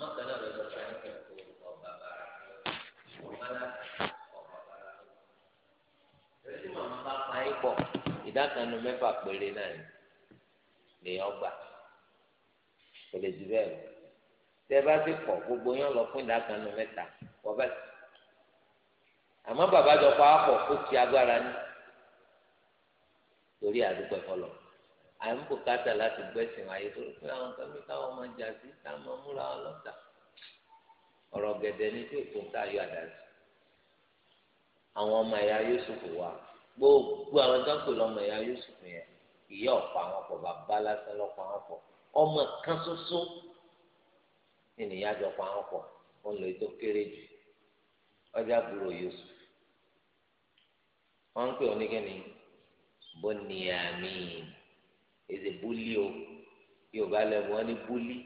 àmọ́ kan náà lọ sọ fún ẹnìkan kó ọba bàrà ọmọlá ọba bàrà lórí tí màmá bá pa é pọ̀ ìdá kan nu mẹ́fà péré náà ni lèèyàn gbà kò lè jù bẹ́ẹ̀ lọ tẹ́ bá ti pọ̀ gbogbo yẹn lọ fún ìdá kan nu mẹ́ta wọ́n bàbá jọ pa á pọ̀ ó ti agbára ní torí àdúgbò ẹ̀fọ́ lọ́wọ́ à ń bùkátà láti gbẹ́sìn ayé tó pé àwọn kan bí káwọn máa jà sí táwọn máa múra wọn lọ́tà ọ̀rọ̀ gẹ̀dẹ̀ ní tí èkó ń káyọ̀ àdájọ́ àwọn ọmọ ẹ̀yà Yusuf wà gbogbo àwọn tó ń pè lọ́mọ ẹ̀yà Yusuf yẹn ìyá ọ̀pọ̀ àwọn pọ̀ bàbá lásán lọ́pọ̀ àwọn pọ̀ ọmọ kan ṣoṣo ènìyàn jọ pọ̀ àwọn pọ̀ ó lè tó kéré jù ọjà gbúrò Yusuf wọ́n ń pè oníkẹ́ni bó èdè búlí o yorùbá lẹ́nu wọn ní búlí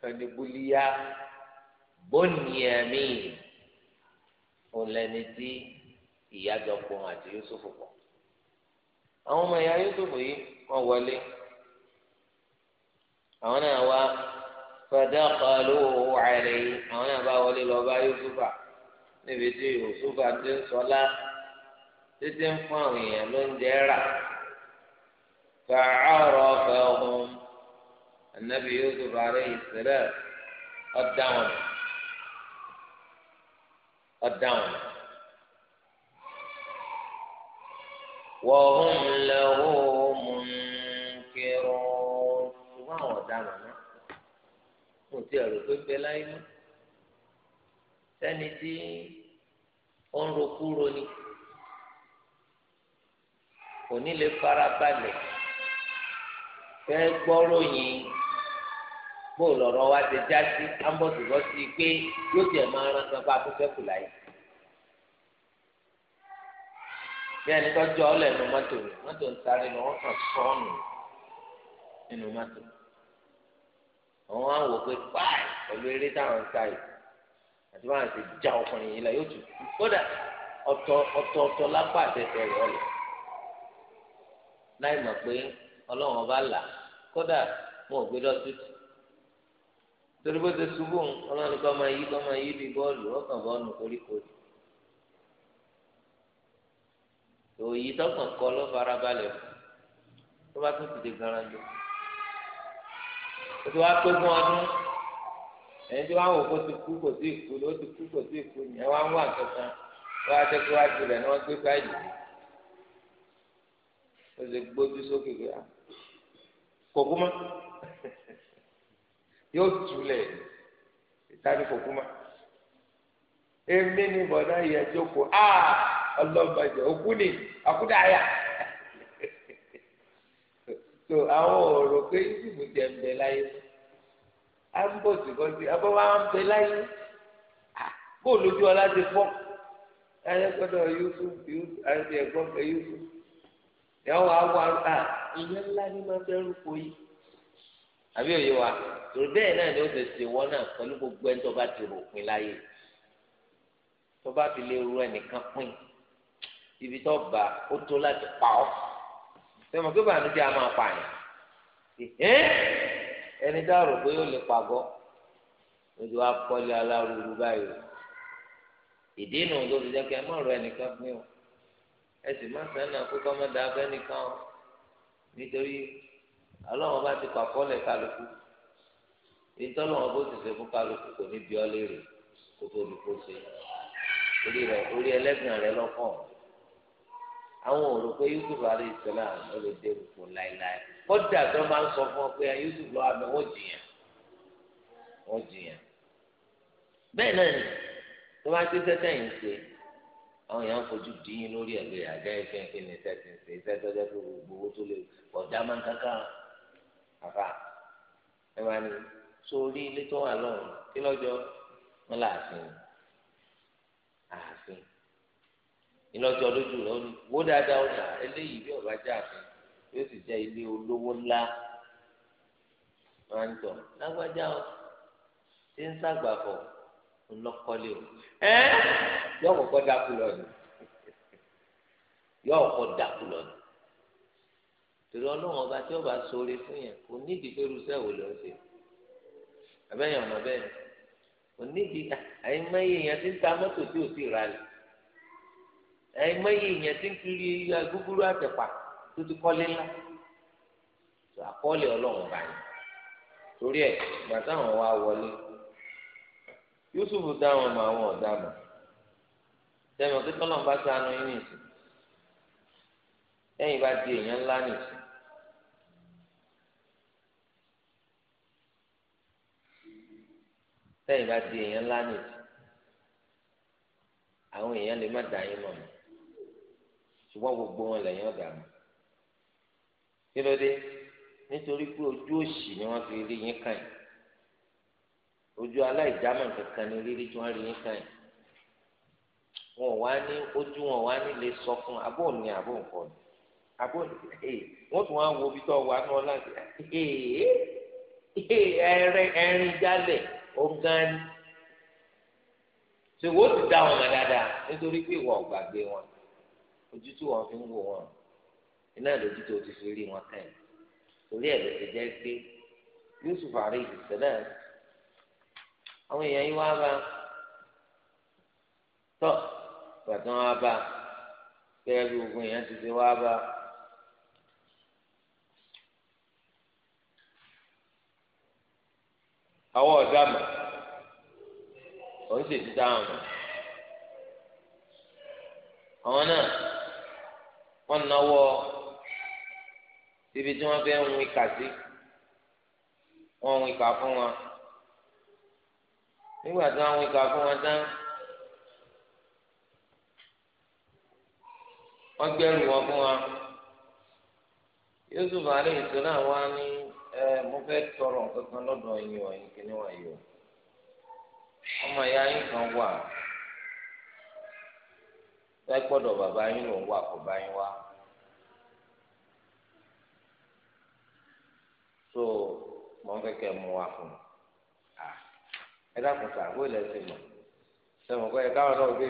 wọn ní búlí yá bónìyàmí òun lẹni tí ìyájọpọ̀ àti yusufu pọ̀ àwọn ọmọ ìyá yusufu yìí wọ́n wọlé àwọn náà wá fadakaluhu alayhi àwọn náà bá wọlé lọ bá yusufa níbi tí yusufa ti ń sọlá títí ń fún àwọn èèyàn ló ń jẹ rà. فعرفهم النبي يوسف عليه السلام قد دعونا قد دعونا وهم له منكرون ṣùgbọ́n àwọn ọ̀daràn náà mo ti ẹ̀rọ pé bẹ́ẹ̀ láyé mọ́ sẹ́ni tí ó ń rokúro ni kò ní lè fara balẹ̀. fẹ́ gbọ́ròyìn bó lọ̀rọ̀ wa ti já sí ambọ̀tìbọ̀ sí i pé yóò tiẹ̀ máa rán sanpá afẹ́fẹ́ kù láyé. bí ẹni tó jọ ọ lẹ́nu mọ́tò rẹ̀ mọ́tò ń sáré lọ wọ́n kàn sọ́ọ̀nù nínú mọ́tò. àwọn pé báyìí pẹ̀lú eré táwọn ń sá yìí àti yóò tù kú kódà kódà wọn ò gbé lọ́sítù torí bó ti ṣubú ọlọ́ni kọ́ máa yí kọ́ máa yí bí bọ́ọ̀lù ọkàn bọ́ọ̀lù koríkorí òyì tọkàn kọ ló fara balẹ̀ tó bá tún ti di garando o ti wá pé fún ọdún ẹni tí wọn wò kó ti kú kò sí ìkú ló ti kú kò sí ìkú ni ń wà kankan wọn á fòkúmá yóò túlẹ̀ ìtàní fòkúmá èmi ni bọ̀dá yẹ jókòó a ọlọ́mọdé òkú ni àkúdàáyà tó àwọn ọ̀rọ̀ pé ìdìbò jẹ ń bẹ láyé à ń bọ̀ sí kọ́sí abọ́ wa ń bẹ láyé bó lójú ọlá ti fọ́ ayé gbọ́dọ̀ yusuf yusuf àti ẹ̀gbọ́n fẹ́ yusuf ìyàwó àwọn àrùn náà ìyẹn ńlá ní máa fẹ́ rúkọ yìí àbí òye wa torí bẹ́ẹ̀ náà ni ó ti ṣe wọ́n náà pẹ̀lú gbogbo ẹni tó bá ti rò pin láyé tó bá fi lè ru ẹnìkan pin ibi tó bá ó tó láti pa ọ́ sẹ́wọ̀n kí bàánújẹ́ a máa pààyàn ẹni dá rò pé ó lè pàgọ́ ojú wa kọ́lé alárùúrú báyìí ìdí nù tó fi jẹ́ kí ẹ má rọ ẹnìkan pin o ẹ sì má sẹ́nà kó kọ́ mọ́ da abẹ́nìkan o nítorí ọlọ́run bá ti pàkọ́ lẹ̀ kálukú ìtọ́lọ́run bó ti ṣe fún kálukú kò ní bí ọ léèrè kó tó di kó ṣe orí rẹ orí ẹlẹ́gàn rẹ lọ́kàn àwọn òrò pé Yusuf alayhi salam ló lè dé òkú láéláé kódà tó máa ń sọ fún ọ pé Yusuf lọ àmì wọ́n jìyàn wọ́n jìyàn bẹ́ẹ̀ náà ni tó máa ti sẹ́sẹ́ yìí ṣe àwọn èèyàn fojú dín lórí ẹ̀ lóye àjẹ́ ìfẹ́ ìfẹ́ ní iṣẹ́ ti ń ṣe iṣẹ́ tó jẹ́ pé gbogbo owó tó lè ọ̀dà máa ń kankan àfà ẹ máa ní sórí ilé tó wà lọ́rùn kí lọ́jọ́ wọn là àfin àfin ìlọ́jọ́ lójú rẹ̀ ó ní wó dáadáa ó eléyìí bí ọ̀bá jẹ́ àfin yóò sì jẹ́ ilé olówó ńlá máa ń tọ̀ lágbájá ó ti ń sàgbàfọ̀ ńlọkọlẹ o ẹ yọ kọ́kọ́ dákú lọ ni yọ kọ́kọ́ dákú lọ ni torí ọlọ́run ọba tí ọba sọre fún yẹn kò nídìí pé irúṣẹ́ wò lọ sí abẹ́yẹn ọ̀nà bẹ́ẹ̀ kò nídìí àìmọye èèyàn ti ń ta mọ́tò tí ò sí ra lẹ̀ àìmọye èèyàn ti ń kiri agúgúrú àtẹ̀pà tó ti kọ́lé ńlá àkọọ́lẹ̀ ọlọ́run ọba yẹn torí ẹ̀ gbàtà àwọn wa wọlé. Yusuf dá wọn mọ àwọn ọ̀dà mọ̀ tẹ̀wọ̀n kí tọ́lọ̀ bá sànú yín nìyí lẹ́yìn bá di èèyàn ńlá nìyí. lẹ́yìn bá di èèyàn ńlá nìyí àwọn èèyàn lè má dà yín mọ̀ ṣùgbọ́n gbogbo wọn lẹ́yìn ọ̀dà mọ̀ kí ló dé nítorí pé ojú òṣì ni wọ́n fi rí yín kàn yín ojú aláìjámọ̀ kankan ní rírí tí wọ́n rí yín kàn yín wọn wá ní ojú wọn wá ní lè sọ fún abó ní abó nǹkan ni abó ee wọ́n tún wá wo bí tó wà ní ọlá ee ẹrin ẹrin jálẹ̀ ọ̀gán ni ṣèwọ́ ti dá wọn mọ̀ dáadáa nítorí pé ìwọ ọ̀gbàgbé wọn ojú tí wọn fi ń wò wọn iná lójú tó ti fi rí wọn kàn yín torí ẹ̀ ló ti jẹ́ pé Yusuf àrí ìṣẹ̀lẹ̀ àwọn èèyàn yìí wá bá tọ gbàtàn wá bá gẹ́gẹ́ bí gbogbo èèyàn ti ṣe wá bá. àwọn ọ̀dọ́ àmọ̀ òun sì ti dáhùn mọ́ àwọn náà wọ́n náwó ibi tí wọ́n fẹ́ ń wí kà sí wọ́n ń wí kà fún wọn. nígbà tí wọ́n wíkà fún wọn tán wọ́n gbẹ́rù wọn fún wa Yusuf alayhi salam wa ni ẹ mo tọrọ kankan o kíní yìí ọmọ ya yín kan wà fẹ́ bàbá yín wà kó bá yín wá. so mọ̀ fẹ́ fún ẹ dákun sá bó ilẹ̀ ṣe mọ̀ sẹ́wọ̀n kọ́ ẹ káwọn náà gbé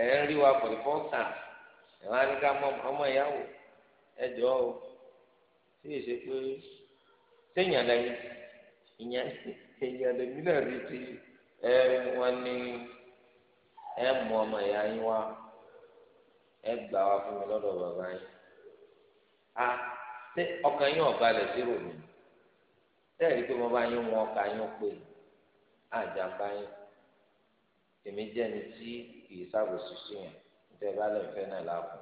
ẹ ń rí wa pẹ̀lú fọ́ọ̀tà ẹ wá ní ká ọmọ ọ sí èsè pé téèyàn lẹ́yìn ìyẹn èèyàn náà rí ti ẹ ní ẹ ọmọ ìyá yín wá ẹ gbà wá fún mi lọ́dọ̀ bàbá ah, tẹ́ẹ̀rí pé wọ́n bá yín wọn ọkà yín pé àjàmbá yín èmi jẹ́ ẹni tí kìí sábòsí sí yẹn nítorí bá lè fẹ́ náà láàbùn.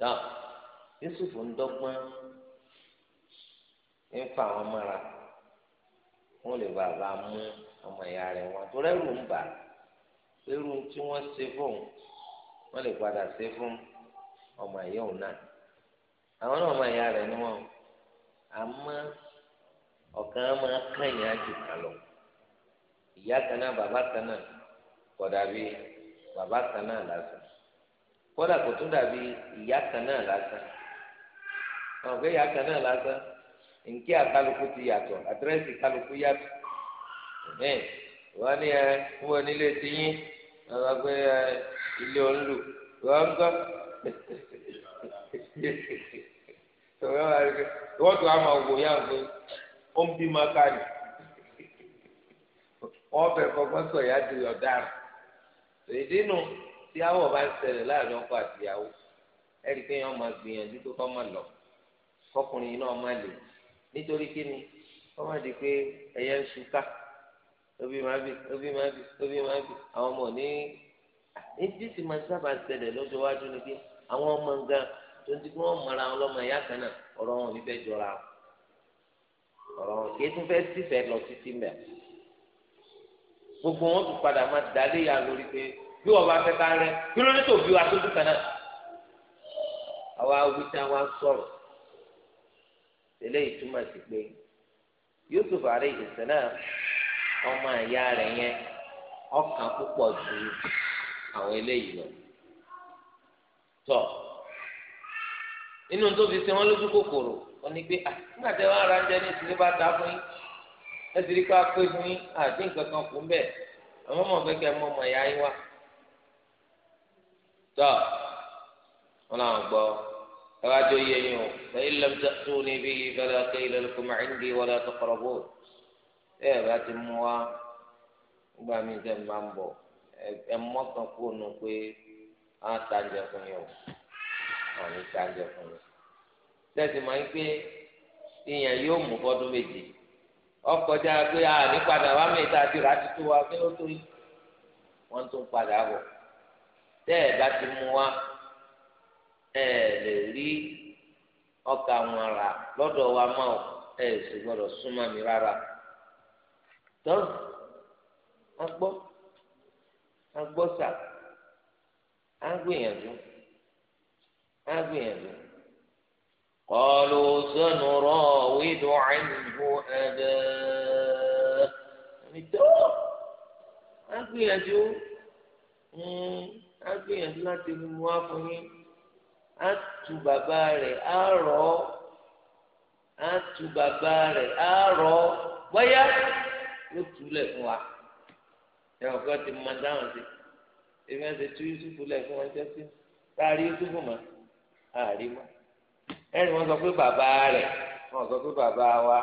dáa Yusufu ń dọ́gbọ́n ń fa àwọn mọ́ra wọ́n lè bàbá mú ọmọ ìyá rẹ̀ wọn tó rẹ́rù ń bà rẹ́rù tí wọ́n ṣe fóun wọ́n lè padà ṣe fún ọmọ ìyá òun náà àwọn náà ọmọ ìyá rẹ̀ ni wọ́n. àmọ́ ọ̀kan máa kànyìn àjù kan lọ ìyá kan náà bàbá kan náà bàbá kan náà lásán kò tún dàbí ìyá kan náà lásán àwọn ìyá kan náà lásán nkí tọ̀rọ̀ wa rẹ̀ wọ́n tún á máa wò yá pé ó ń bí máa kárí wọ́n fẹ́ fọgbọ́n sọ ìyá di ọ̀daràn tòyídínú tí awọ bá ń ṣẹlẹ̀ láàrin ọkọ àtìyàwó ẹ̀rí pé wọ́n máa gbìyànjú pé kọ́ máa lọ kọkùnrin náà máa lè nítorí kí ni wọ́n máa di pé ẹ̀yẹ ń ṣúká lóbi máa bì lóbi máa bì lóbi máa bì àwọn ọmọ ní ní tí sì sábà ṣẹlẹ̀ lọ́jọ́ iwájú ni pé àwọn ọmọ gan tó ń ti kí wọ́n mọ̀ra wọn lọ́mọ ìyá kan náà ọ̀rọ̀ wọn ò ní fẹ́ jọra ọ̀rọ̀ wọn kì í tún fẹ́ sífẹ̀ẹ́ lọ títí mẹ́ gbogbo wọn tún padà máa dalé ya lórí pé bí wọn bá fẹ́ ká rẹ kí ló dé tó bí wa tó dùn kan náà àwa wíta wa sọ̀rọ̀ eléyìí túmọ̀ sí pé Yusuf alayhi salam ọmọ àyà rẹ̀ yẹn ọkàn púpọ̀ ju àwọn eléyìí lọ tọ́. So, inú tó fi ṣe wọn lójú kòkòrò wọn ni pé nígbà tí wọn ara ń jẹ ní ìsinmi bá ta fún yín ẹ sì rí i pé a pé fún yín àti nǹkan kan kù ń bẹ àwọn ọmọ fẹkẹ mọ ọmọ ìyá yín wá tọ wọn làwọn gbọ́ ẹ wá jọ yẹ yín o ẹ ilẹ̀ tó níbi ìfẹ́lẹ́ ọ̀kẹ́ ilẹ̀ lóko màá ń di wọlé ọ̀tọ̀ kọ̀rọ̀ ẹ ẹ bá ti mú wa nígbà míì tẹ̀ máa ń bọ̀ ẹ mọ́ kan kúrò nù pé á ta fún yín o. wọn ní sáńjẹ fún mi tẹsí ma ń pé ìyẹn yóò mú bọdún méje ọkọjá pé a ní padà wá mi ìta àti ràá wa kí ló tó wọn tún padà tẹ ẹ bá ti mú wa ẹ lè rí ọkà wọn rà lọdọ wa ma ẹ sì gbọdọ súnmọ́ mi rárá tó wọn wọn sà á agbìyànjú. قالوا سنراود عنه أباه agbìyànjú agbìyànjú láti mú wá fún yín á tu bàbá rẹ̀ á rọ̀ ọ́ á tu bàbá rẹ̀ á rọ̀ ọ́ bóyá ó túlẹ̀ fún wa ẹ ọ̀gá ti mọ dáhùn sí ẹ fẹ́ ṣe tú Yusuf lẹ̀ fún wọn jẹ́ sí tá a rí Yusuf mọ́ àárí mọ́ ẹni wọ́n sọ pé bàbá rẹ̀ wọ́n sọ pé bàbá wa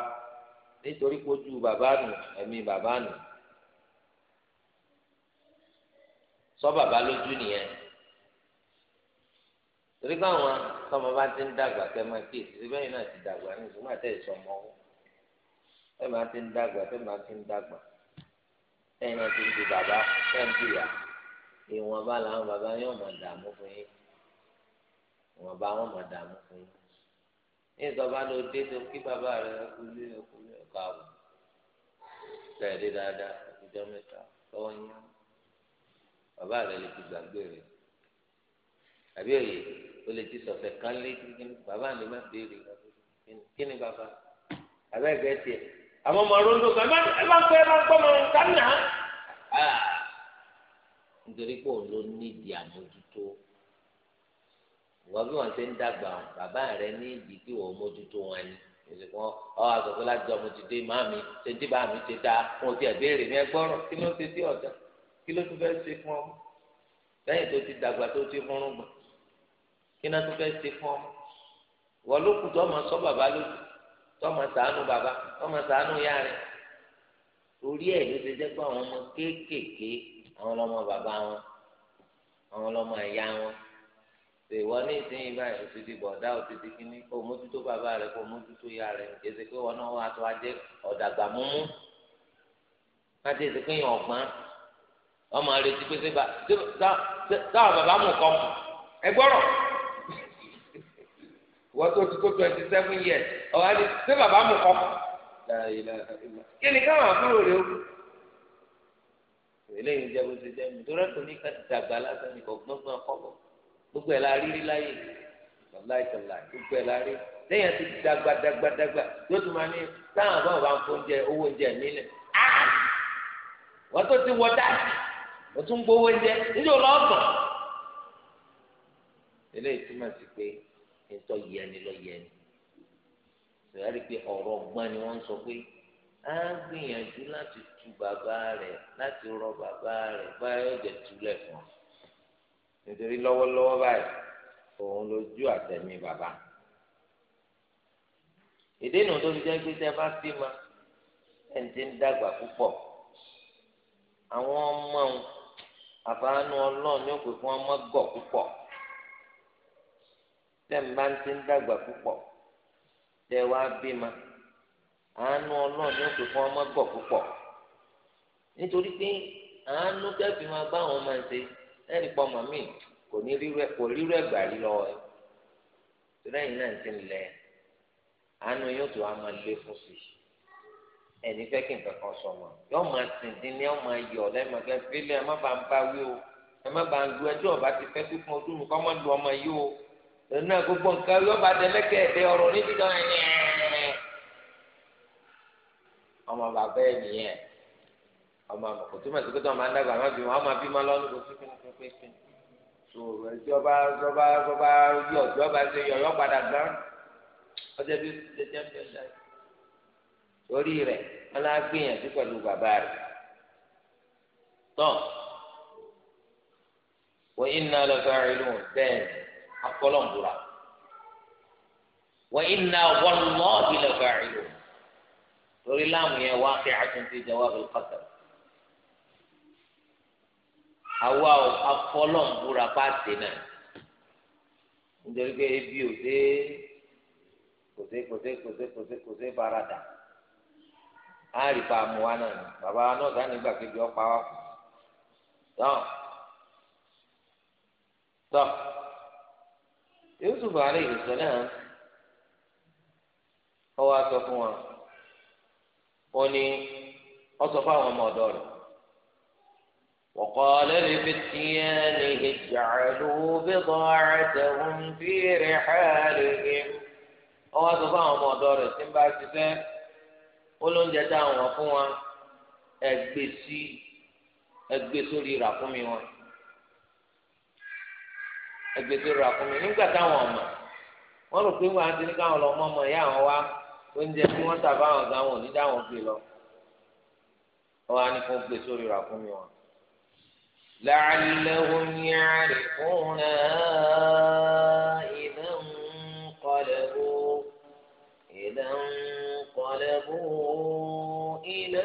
nítorí kojú bàbá nù ẹ̀mí bàbá nù sọ bàbá lójú nìyẹn torí káwọn tọmọ bá ti ń dàgbà tẹ máa kí èsì bẹ́ẹ̀ náà ti dàgbà ní ìsúnmọ́ àti ìsọmọ́ tẹ máa ti ń dàgbà tẹ máa ti ń dàgbà tẹ máa ti ń di bàbá tẹ ń di ìyá ìwọ̀nba làwọn bàbá yóò máa dààmú fún yín wọn bá wọn máa dààmú fún yín ní ìsọba ló dé tó kí bàbá rẹ ọkùnrin ọkùnrin ọkọ àwọ tẹ̀lé dáadáa ọjọ́ mẹ́ta lọ́wọ́ yín bàbá rẹ lè ti gbàgbé rẹ àbí òye ó lè ti sọ̀fẹ̀ kan lé kíni bàbá lè má béèrè kíni bàbá àbẹ́ ẹ̀gẹ́ tiẹ̀ àwọn ọmọ rondo kan ẹ bá ń pẹ́ ẹ bá ń gbọ́ ah! nítorí pé òun ló nídìí àmójútó wọ́n bí wọ́n ṣe ń dàgbà wọn bàbá rẹ ní ìdí tí wọ́n mójútó wọn ni ìsìnkú ọ àgbẹ̀kọ́ láti ọmọ ti dé máa mi ṣe dé bá mi ṣe dáa wọn ti ẹ̀bẹ́rẹ̀ ní ẹgbọ́rọ̀ kí ló ṣe sí ọ̀dà kí ló tún fẹ́ ṣe fún ọmọ lẹ́yìn tó ti dàgbà tó ti fúnrún gbà kí náà tún fẹ́ ṣe fún ọmọ wọ́n ló kù tó máa sọ bàbá lójú tó máa ṣàánú bàbá tó máa ṣàánú yá rẹ̀ orí ẹ̀ ló ṣe jẹ́ pé àwọn ọmọ kéékèèké àwọn ọmọ bàbá wọn àwọn ọmọ ìyá ìwọ ní ìsinyìí báyìí o ti di bọ̀dá o ti di kínní o mójútó bàbá rẹ kó o mójútó ìyá rẹ èsì pé wọn náà wà tó ajẹ ọ̀dàgbà múmú láti èsì pé yàn ọ̀gbọ́n ọmọ rẹ ti pèsè bá táwọn bàbá mú kọ́ mu ẹ gbọ́rọ̀ wọ́n tó ti tó twenty seven years ọ̀hún ẹni ṣé bàbá mú kọ́ mu kí ni káwọn àbúrò rẹ o eléyìí jẹ́ bó ti jẹ́ mi tó rẹ́ kò ní ká dàgbà lásán ní kò gbọ́ngbọ́n kọ́ bọ̀ gbogbo ẹ̀ la rí rí láyè tọ̀láì tọ̀láì gbogbo ẹ̀ la rí lẹ́yìn àti dàgbà dàgbà dàgbà yóò tún máa ní táwọn àbá òbá ń fọ oúnjẹ owó oúnjẹ nílẹ̀ ah! wọ́n tó ti wọ dáàbì wọ́n tún gbowó oúnjẹ níbi ọlọ́gbọ̀n eléyìí túmọ̀ sí pé ètò yẹni lọ yẹni sọ̀rọ̀ pé ọ̀rọ̀ ọgbọ́n ni wọ́n ń sọ pé á gbìyànjú láti tu bàbá rẹ̀ láti rọ bàbá rẹ̀ báyọ̀ jẹ̀ tulẹ̀ fún ọ nítorí lọ́wọ́lọ́wọ́ báyìí òun lójú àtẹ̀mí bàbá ìdènà tó fi jẹ́ pé tẹ́ bá bí ma ẹ̀ ń ti ń dàgbà púpọ̀ àwọn ọmọ òun àfààní ọlọ́run yóò pè fún ọmọ gọ̀ púpọ̀ tẹ́ ń bá ń ti ń dàgbà púpọ̀ tẹ́ wá bí ma àánú ọlọ́run yóò pè fún ọmọ gọ̀ púpọ̀ nítorí pé àánú tẹ́ máa bá àwọn ọmọ ẹ̀ ṣe. ẹnì pọ ọmọ mi kò ní rírú ẹgbà rí lọ́wọ́ ẹ tìrẹyìn náà ti lẹ àánú yóò tó a máa lé fún sí ẹni fẹ́ kí nǹkan kan sọmọ yóò máa sìn dín ní fílẹ ẹ má bàa ń bá wí o ẹ má bàa ń lu ẹjọ ọba ti fẹ́ fún ọdún gbogbo nǹkan yóò bá dẹ lẹkẹ ẹdẹ níbi ẹ ọmọ àmọ kò túmọ̀ sí pé tọ́mọ adágbà má bímọ ọmọ bímọ lọ́nu kò sí pínpínpín sòrò ẹtí ọba ọba ọba bí ọjọ́ ọba ṣe yọ̀yọ́ padà gan ọjọ́ bí jẹjẹ ń bẹ ṣáà torí rẹ̀ wọn lá gbìyànjú pẹ̀lú bàbá rẹ̀ tán wọ́n iná lọ́sọ̀ àìlú bẹ́ẹ̀ akọ́lọ́ǹdùrà wọ́n iná wọ́n lọ́ọ̀bì lọ́sọ̀ àìlú torí láàmú yẹn wá kí àtúntì jawab al-qasam. àwa ò afọlọ́ǹbúra pàṣẹ náà nítorí pé ebi ò dé kòsè kòsè kòsè kòsè kòsè farada á rí pa mu wa náà bàbá wa náà kejì ọ̀pá wa kù Yusuf ìrìnsẹ̀ náà ọwọ́ fún wa وقال لفتيانه اجعلوا بضاعتهم في رحالهم ọwọ́ sọ fún àwọn ọmọ ọ̀dọ́ rẹ̀ tí ń bá ṣiṣẹ́ ó ló ń jẹ dá àwọn fún wọn ẹgbẹ́ sí ẹgbẹ́ sórí ràkúnmí wọn ẹgbẹ́ sórí ràkúnmí nígbà táwọn ọmọ wọn rò pé wọn á ti ní káwọn lọ mọ ọmọ ìyá àwọn wá oúnjẹ tí wọn tà fáwọn gan wọn ò ní dáwọn gbé lọ ọwọ́ á ní fún gbé sórí ràkúnmí wọn. لعلهم يعرفونها إذا انقلبوا إذا انقلبوا إلى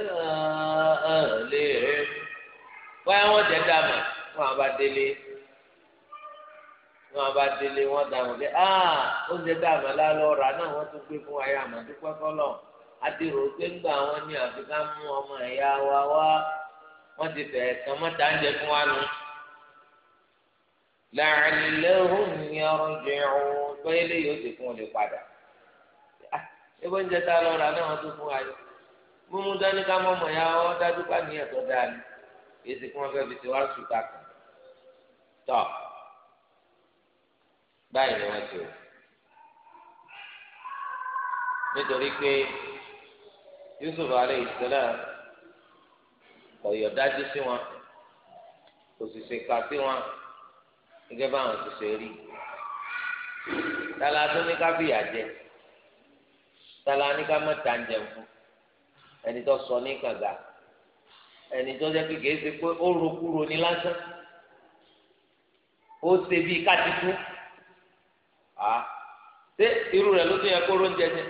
أهلهم وأنا جدامة ما بدلي wọn bá délé wọn dànù lé aa oúnjẹ tá a máa lá lọ rà náà wọn tún gbé fún ayé àmàdúpẹ́ kọ́lọ̀ adèrò pé ńgbà wọn ní àfi ká mú ọmọ ẹ̀yà wa wá wọ́n ti fẹ̀ ẹ̀sán mọ́ta ń jẹ fún wa nù. la'allahum yarji'un bẹ́ẹ̀ lè yóò ti fún un lè padà. ebe ah, oúnjẹ tá a lọ rà náà wọ́n tún fún wa yìí. mímú dání ká mọ́ mọ̀ ya ọ́ dájú ká ní ẹ̀tọ́ dáa ni. èsì fún wọn fẹ́ fi ti wá sùtà kan. tọ́ báyìí ni wọ́n ti o. nítorí pé Yusuf alayhi salam kò yọ dájú sí wọn kò sì ṣe ka sí wọn gẹ́gẹ́ bá àwọn òṣìṣẹ́ rí tala tó ní ká fìyà jẹ tala ní ká má ta ń jẹun fún ẹni tó sọ ní kàga ẹni tó jẹ kékeré ṣe pé ó rokúro ní lásán ó ṣe bíi kátìkú a ṣé irú rẹ̀ ló tún yẹ kó róúnjẹ jẹ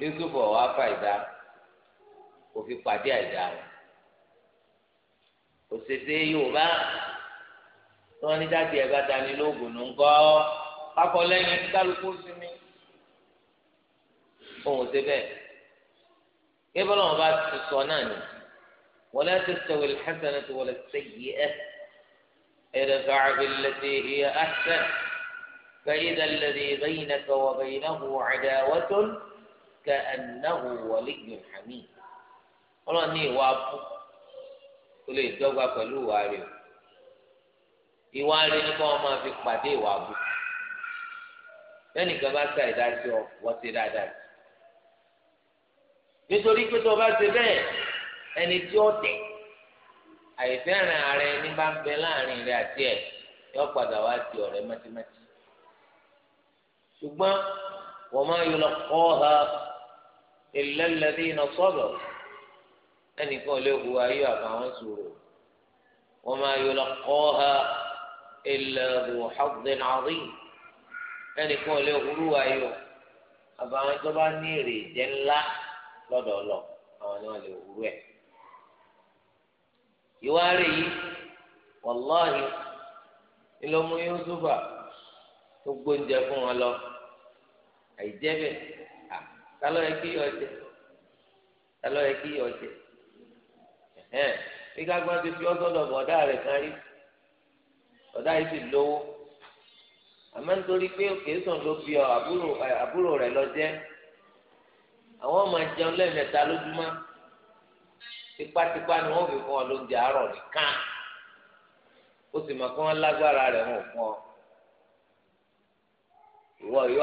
yusuf ọwọ afa ìdá kò fi pàdé àìdá rẹ̀ òṣèṣe yorùbá tí wọ́n ní dájú ẹ̀ bá dání lóògùn ló ń kọ́ kákọ́ lẹ́yìn kálukú sí mi òun ò ṣe bẹ́ẹ̀ kébọ́lá wọn bá ti sọ náà ni wala tastawi al-hasanatu wala as-sayyi'atu idfa' billati hiya ahsan. فإذا الذي بينك وبينه عداوة كأنه ولي حميد ọlọ́run ní ìwà abú kó lè dọ́gba pẹ̀lú ìwà rẹ̀ o ìwà rẹ̀ ni kọ́ máa fi pàdé ìwà abú lẹ́nìkan bá sa ìdájọ́ wọ́n ti dáadáa nítorí pé tó o bá ṣe bẹ́ẹ̀ ẹni tí ó tẹ̀ àìfẹ́ràn ara ẹni bá ń bẹ láàrin rẹ̀ àti ẹ̀ yọ padà wá di ọ̀rẹ́ mẹ́tímẹ́tí ṣùgbọ́n wọ́n máa yọ lọ kọ́ ha ìlẹ́lẹ́dínà sọ́dọ̀ ẹnìkan lè hu ayé àbáwọn sòrò wọn máa yọ lọkọọha ìlẹrù ọdún àrí ẹnìkan lè hurú ayé àbáwọn tó bá ní èrè jẹ ńlá lọdọọlọ àwọn ni lè hurú ẹ ìwà yìí wàláhì ìlọmú yóò súbà tó gbóúnjẹ fún wọn lọ àìjẹ bẹ́ẹ̀ kálọ yẹ kí yọ jẹ kálọ yẹ kí yọ jẹ. ẹ̀ ìgbàgbọ́ ti fi ọ́sọ́dọ̀ bọ̀ ọ̀dá rẹ̀ kan rí ọ̀dá yìí sì lówó àmọ́ nítorí pé kèésàn ló fi àbúrò rẹ̀ lọ jẹ́ àwọn ọmọ jẹun lẹ́ẹ̀mẹ́ta lójúmọ́ tipátipá ni wọ́n fi fún ọ lóúnjẹ àárọ̀ nìkan ó sì mọ̀ pé wọ́n lágbára rẹ̀ wọ̀ fún ọ ìwọ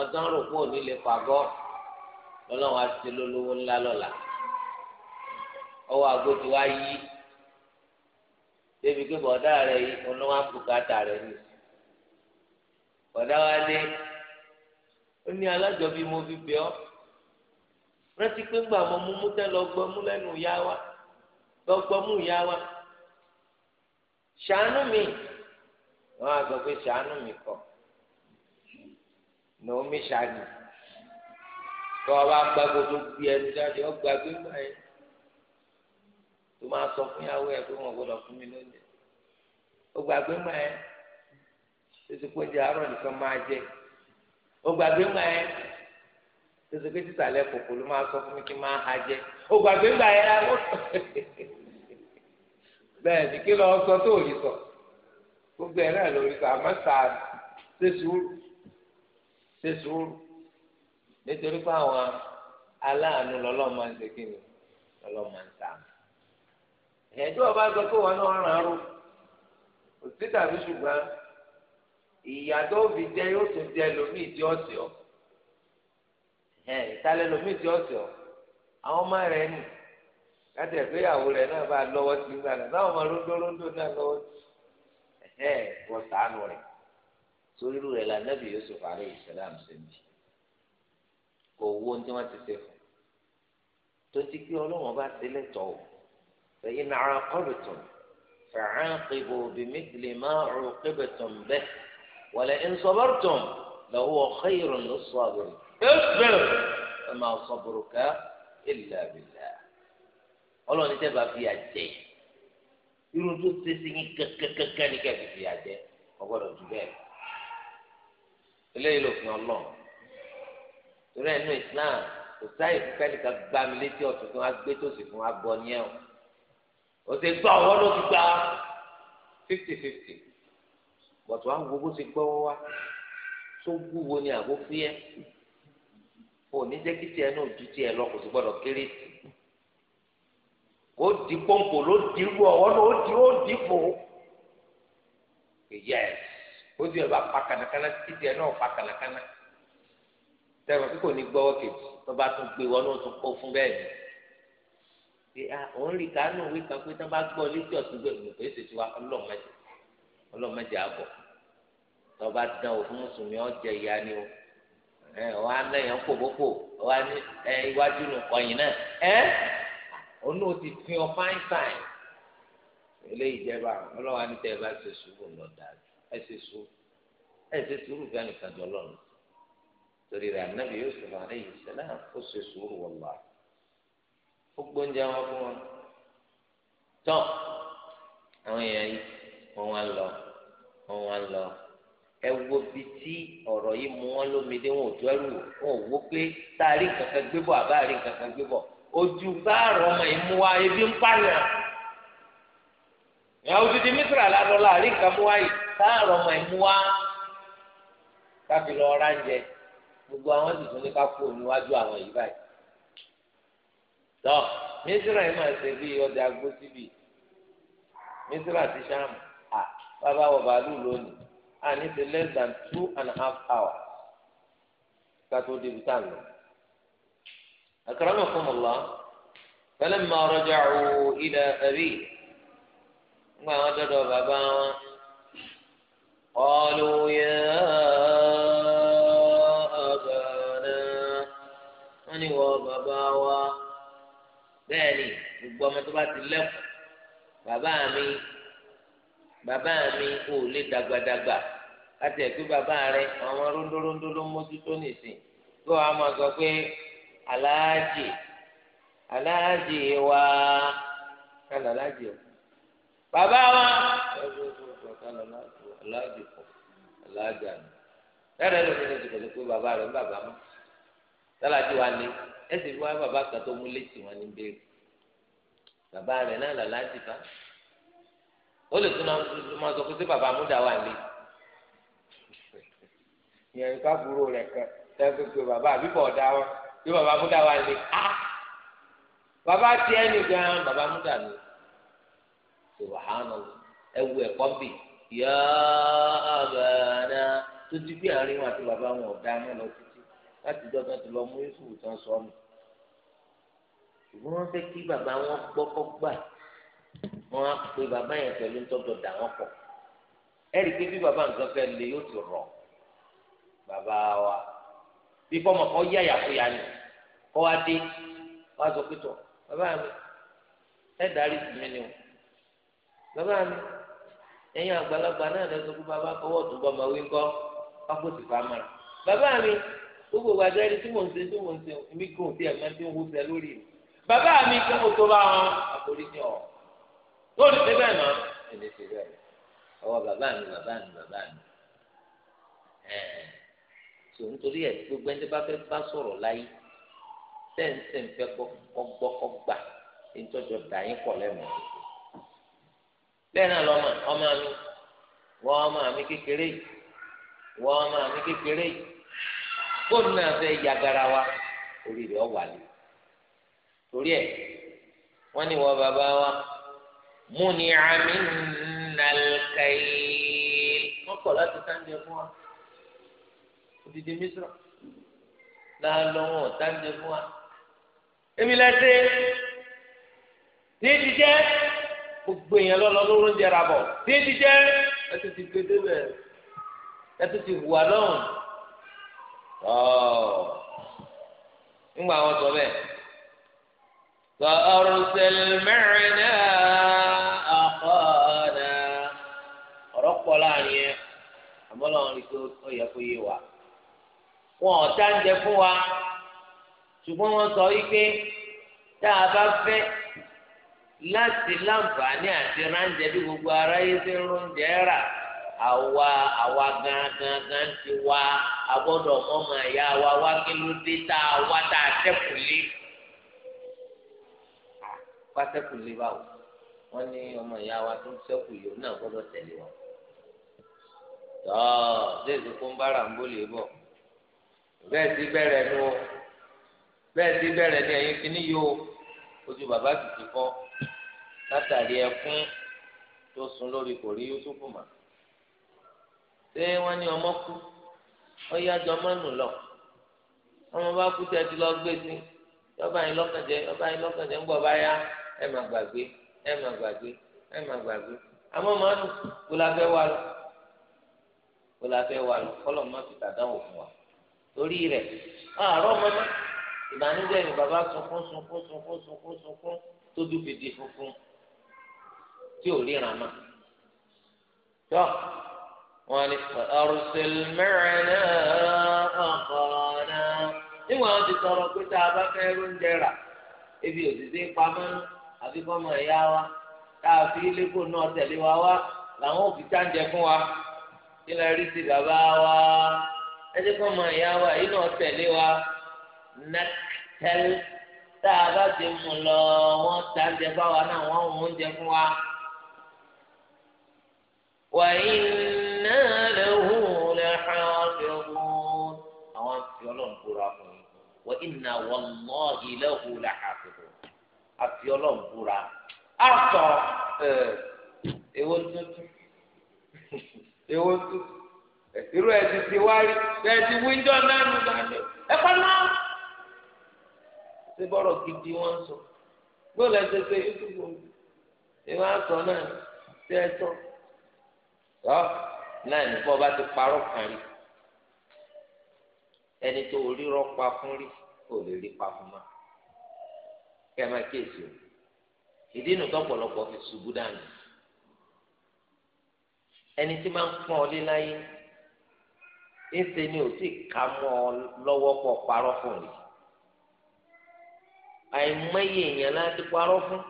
á tán rò lọ́lọ́run á ti lólówó ńlá lọ́la ọwọ́ aago ti wá yí débi pé bọ̀dá rẹ̀ yìí olówó àbùkátà rẹ̀ ni bọ̀dá wa dé ó ní alájọ bíi mo fi bẹ̀ ọ́ rántí pé ńgbà mọ mú mútẹ́ lọ gbọ́mú lẹ́nu ìyá wa lọ gbọ́mú ìyá wa ṣàánú mi wọ́n á sọ pé ṣàánú mi kọ́ Naomi ṣàánú. No, tó o bá gba gbogbo bí ẹni jáde ó gba gbígbà yẹn tó máa sọ fún ìyàwó ẹ pé wọn gbọ́dọ̀ fún mi lónìí ó gba gbígbà yẹn tètè kó jẹ àárọ̀ nìkan máa jẹ ó gba gbígbà yẹn tètè kó títà lẹ kòkò ló máa sọ fún mi kí máa ha jẹ ó gba gbígbà yẹn láwọn bẹ́ẹ̀ ni kí lọ sọ tó rí sọ gbogbo ẹ náà lórí sọ àmọ́ sáà ṣe sùúrù ṣe sùúrù nítorí pé àwọn aláàánú lọ́lọ́ọ̀ máa ń ṣe kí ni lọ́lọ́ọ̀ máa ń ta ẹ̀ẹ́dọ́ ọba gbọ́ pé wọn náà rán arú kò sí tàbí ṣùgbọ́n ìyá tó fi jẹ yóò tún jẹ lómìn tí ó sì ọ ẹ ìtàlẹ lómìn tí ó sì ọ àwọn ọmọ rẹ nì láti ẹgbẹ́ ìyàwó rẹ náà bá lọ́wọ́ sí gbà náà táwọn ọmọ rondo rondo náà lọ́wọ́ sí ẹ sànù rẹ sórí rẹ la Nabi Yusuf alayhi salam ṣe owó tí wọ́n ti ṣe fún tó ti pé ọlọ́wọ́n bá ṣe lẹ́tọ̀ọ́ o fẹ̀yìn náà kọ́bìtàn fa'aqibu bimithli ma uqibtum bih wa la'in sabartum lahuwa khayrun lis-sabirin isbir wa ma sabruka illa billah ọlọ́run tẹ́ bá fi àjẹ́ irun tó ṣe sí yín kẹ́kẹ́kẹ́kẹ́ ní kẹ́kẹ́ fi àjẹ́ ọgbọ́dọ̀ jù bẹ́ẹ̀ eléyìí ló fi hàn torí ẹnu islam kò sáyè fún kẹ́nìkà gbá mi létí ọ̀tún tó wá gbé tòsí fún wa gbọ́ ní ẹ̀ o ṣe gbọ́ ọwọ́ ló ti gbá fifty fifty bọ̀tù wa gbogbo ti gbọ́ wá tó wúwo ni àgbo fúyẹ́ o ní jẹ́ kí tiẹ̀ náà ju tiẹ̀ lọ kò sì gbọ́dọ̀ kéré tì ó di pọ́ǹpù ló di wú ọwọ́ ló di ó di pò yẹ ó di ẹ̀ bá pa kànákànná títí ẹ̀ náà pa kànákànná tẹ̀wọ̀n tí kò ní gbọ́wọ́ kejì tó bá tún gbé wọn náà tún kó fún bẹ́ẹ̀ ni pé a òun rí kánú òwe kan pé tó bá gbọ́ létí ọ̀tún gbé gbèsè èsì tiwa ọlọ́mọdé ọlọ́mọdé àbọ̀ tó bá dán òfin mùsùlùmí ọ̀jẹ̀ ìyá ni o ẹ wàá lẹ́yìn pòpòpò wàá ní ẹ iwájú nù ọ̀yìn náà ẹ òun náà ti fi ọ fáìn fáìn eléyìí jẹba ọlọ́wà ní tẹ́ ẹ bá ṣe sùúrù lọ ẹ ṣe sùúrù ẹ ṣe sùúrù fẹ́ nìkan jọ lọ́nà torí rẹ̀ anabi yusuf aleyhi salam ó ṣe sùúrù wàllá ó gbóúnjẹ wọn fún wọn tọ àwọn èèyàn yìí wọn wá lọ wọn wá lọ ẹ wo bi tí ọ̀rọ̀ yìí mú wọn lómìnira wọn ò tó ẹrù wọn ò wó pé tá a rí nǹkan gbé bọ̀ àbá rí gbé bọ̀ ojú báàrọ̀ ọmọ yìí mú wa ebi ń pààyàn ìyàwó dídí mísírà lálọ́ la rí mú wa yìí báàrọ̀ ọmọ yìí mú wa káfí lọ́ọ́ ránjẹ gbogbo àwọn sì tún ní ká kú níwájú àwọn yìí báyìí tọ mísírà yìí máa ṣe bí ọjà gbósìbì mísírà ti ṣáàmù à bàbá wọ bàálù lónìí à ní ti less than two and a half hours ká tó débi tá a lọ. akramakum Allah falamma raja'u ila abi ngbà wọn dọdọ bàbá wọn wọ́n ní wọ bàbá wa bẹ́ẹ̀ ni gbogbo ọmọ tó bá ti lẹ́kọ̀ọ́ bàbá mi bàbá mi ò lè dàgbàdàgbà láti ẹ̀gbẹ́ bàbá rẹ àwọn rondórondó ló mójútó nìsín tó wàá máa sọ pé aláàjì aláàjì wa kálá aláàjì o bàbá wa aláàjì kọ aláàjì àná lẹ́rẹ̀ẹ́ lómi ní ìdìbò tó pé bàbá rẹ ń bàbá mọ́ sálàjì wa ni ẹsẹ fi wá bàbá kan tó mú létí wọn ní béèrè bàbá rẹ̀ náà lọ láti bá ó lè tún máa sọ pé sí bàbá amúdà wà ní. ìyẹn nípa búrò rẹ̀ kan tẹ́lifí pé bàbá àbíbọ̀ ọ̀dà wọn bí bàbá amúdà wà ní. Ah, bàbá tiẹ̀ ní gan bàbá amúdà ní. ẹ wù ẹ̀kọ́ bì yọ ọ̀bẹ̀rẹ̀ tó ti gbé àárín wọn àti bàbá wọn ọ̀dà náà lọ láti dọ́gba tó lọ mú yusuf tán sọnù ṣùgbọ́n wọ́n fẹ́ kí bàbá wọn gbọ́kọ́ gbà wọ́n á pe bàbá yẹn pẹ̀lú tọ́jọ́ dà wọ́n pọ̀ ẹ̀rí pé bí bàbá nǹkan fẹ́ lé yóò ti rọ̀ bàbá wa bí fọmọ kọ́ yá yàfóyà ni kọ́ wá dé wá sọ pé tọ̀ bàbá mi ẹ̀ dárí sí mi ni o bàbá mi ẹ̀yin àgbàlagbà náà lọ sọ pé bàbá kọ́wọ́ tó bọ́ wí ń kọ́ wá kó sì fà mọ́ra bàbá mi gbogbo ìgbà sẹ́ni tí mò ń ṣe tí mò ń ṣe èmi kò tí ẹ̀ máa ti ń wú sẹ lórí mi bàbá mi kí mo tó bá wọn àforí ní ọ tó ní ṣe bẹ́ẹ̀ náà èmi ṣe bẹ́ẹ̀ ọwọ́ bàbá mi bàbá mi bàbá mi ẹ̀ tó nítorí ẹ̀ gbogbo ẹni tó bá fẹ́ bá sọ̀rọ̀ láyé tẹ́ǹtẹ́ ń fẹ́ gbọ́ kọ́ gbà ìtọ́jọ dàyín pọ̀ lẹ́nu bẹ́ẹ̀ náà lọ́mọ bóòlù náà fẹ́ yagara wa orí rẹ̀ wà lé torí ẹ̀ wọ́n ní wọ́n bàbá wa múni àmì nàlkàyè wọ́n kọ̀ láti sáńjẹ fún wa odidi mísírà náà lọ́wọ́ sáńjẹ fún wa èmi lẹ́sẹ̀ ní ti gbogbo èèyàn lọ́lọ́ lóró ń jẹrà bọ̀ ní ti ẹ tún ti gbé débẹ̀ ẹ tún ti wà lọ́hùn. ńgbà oh. wọn sọ sọ ọrùsẹlmẹrinà àkọọ̀nà ọ̀rọ̀ pọ̀ láàrin yẹn àmọ́ lọ́wọ́n ó yẹ kó yé wa wọn ò dáńjẹ fún wa sọ wípé tá a bá gbogbo ń rún àwa àwa gangan gan ti wá agbọ́dọ̀ mọ́mọ́ ẹ̀yà wa wá kí ló dé tá a wá tá a tẹ́kùlé. wá tẹ́kùlé báwo wọ́n ní ọmọ ìyá wa tó ń sẹ́kù yìí náà gbọ́dọ̀ tẹ̀lé wọn. tọ́ déèdì kó ń bára ń bólè bọ̀ bẹ́ẹ̀ sí bẹ̀rẹ̀ nu o bẹ́ẹ̀ sí bẹ̀rẹ̀ ní ẹ̀yìn kíní yìí o ojú bàbá tuntun kọ́ látàrí ẹkún tó sun lórí kò rí Yúsúfù mọ́ ṣé wọ́n ní ọmọ kú ọyá jọ mọ́nù lọ ọmọ bá kú tẹ́ ti lọ gbé sí yọba yín lọ́kànjẹ́ yọba yín lọ́kànjẹ́ ń bọ̀ bá yá ẹ má gbàgbé ẹ má gbàgbé ẹ má gbàgbé àmọ́ màánu kó la fẹ́ wà lọ kó la fẹ́ wà lọ kọ́lọ̀ má fi tàdá wò fún wa torí rẹ̀ àárọ̀ mọ́mọ́ ìbànújẹ́ ni bàbá sunkún sunkún sunkún sunkún sunkún tójú fi di funfun tí ò ríran mọ́ tọ́ wọn ni ọrùsẹlmẹrẹnà ọkọọnà níwọ̀n àwọn ti sọ̀rọ̀ pé tá a bá fẹ́ oúnjẹ rà ebi òṣìṣẹ́ pamọ́ àfi fọmọ ẹ̀yà wa tá a fi lẹ́kọ̀ọ́ náà tẹ̀lé wa wá làwọn òbí tá ń jẹ fún wa nílẹ̀ rí ti bàbá wa ẹjẹ́ fọmọ ẹ̀yà wa yìí náà tẹ̀lé wa nẹ́tẹ́lẹ́ tá a bá ti mú lọ wọ́n tá ń jẹ fáwa náà wọ́n mú oúnjẹ fún wa. wàyí له لحافظون àwọn afi ọlọ́run búra fún yín wọ́n inna wallahi lahu lahafizun afi ọlọ́run búra àtọ̀ ewo tuntun ewo ti gidi sọ ìwà náà ṣe náà ní bọ́ bá ti parọ́ kan rí ẹni tó rírọ́ pa fún rí kò lè rí pa fún ma kẹ́ ẹ máa kíyèsí o ìdí inú tọ́pọ̀lọpọ̀ fi ṣubú dànù ẹni tí máa ń pọ́n ọ lé ni ò sì ká mọ́ ọ lọ́wọ́ pọ̀ parọ́ fún rí àìmọye èèyàn láti parọ́ fún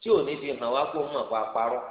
tí ò ní fi hàn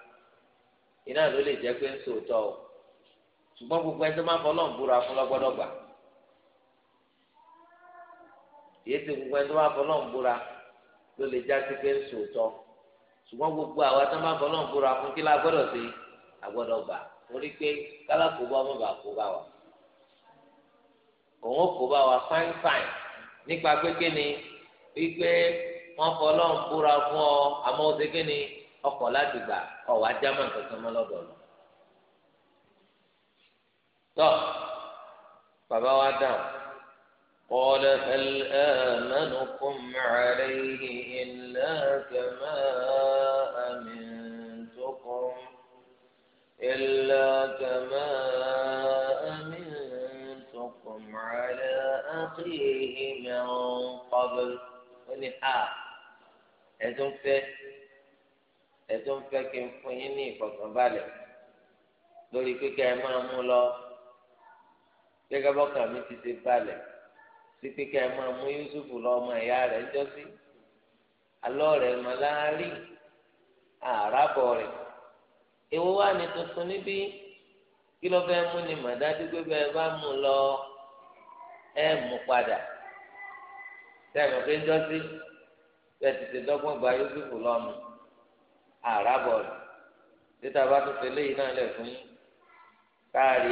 iná ló lè jẹ́ pé ń sòótọ́ o ṣùgbọ́n gbogbo ẹni tó máa fọlọ́ ń búra fún gbà gbogbo ẹni tó máa fọlọ́ ń búra ló lè gbogbo àwa tó máa fọlọ́ ń búra fún kí sí gbà torí pé ọmọ bá wa òun kò bá wa nípa pé kí ni wípé wọ́n fọlọ́ ń búra fún ọ àmọ́ ni. ọkọ̀ láti gbà ọ̀wá jámọ̀ kankan mọ́ lọ́dọ̀ lọ. tọ́ bàbá wa dáhùn قال هل آمنكم عليه إلا كما أمنتكم إلا كما أمنتكم على أخيه من قبل قال أنتم فيه ẹtún fẹ́ kí n fún yín ní ìfọ̀kànbalẹ̀ lórí pípẹ́ ẹ máa mú lọ gẹ́gẹ́ bọ́kàn mi ti ṣe balẹ̀ sí pípẹ́ ẹ máa mú Yusufu lọ ọmọ ìyá rẹ̀ ńjọ́sí alọ́ rẹ̀ mọ̀láárì àràbọ̀ rẹ̀ èwo wà ní tuntun níbí kí ló fẹ́ mú ni màdájú pé bẹ́ẹ̀ bá mú lọ ẹ mú padà tẹ́ ẹ mọ̀ pé ńjọ́sí bẹ́ẹ̀ ti ṣe dọ́gbọ́n gba Yusufu lọ́nu. Ara rẹ̀ títà bá tó tẹ̀lé yìí náà lẹ̀ fún yín káàrí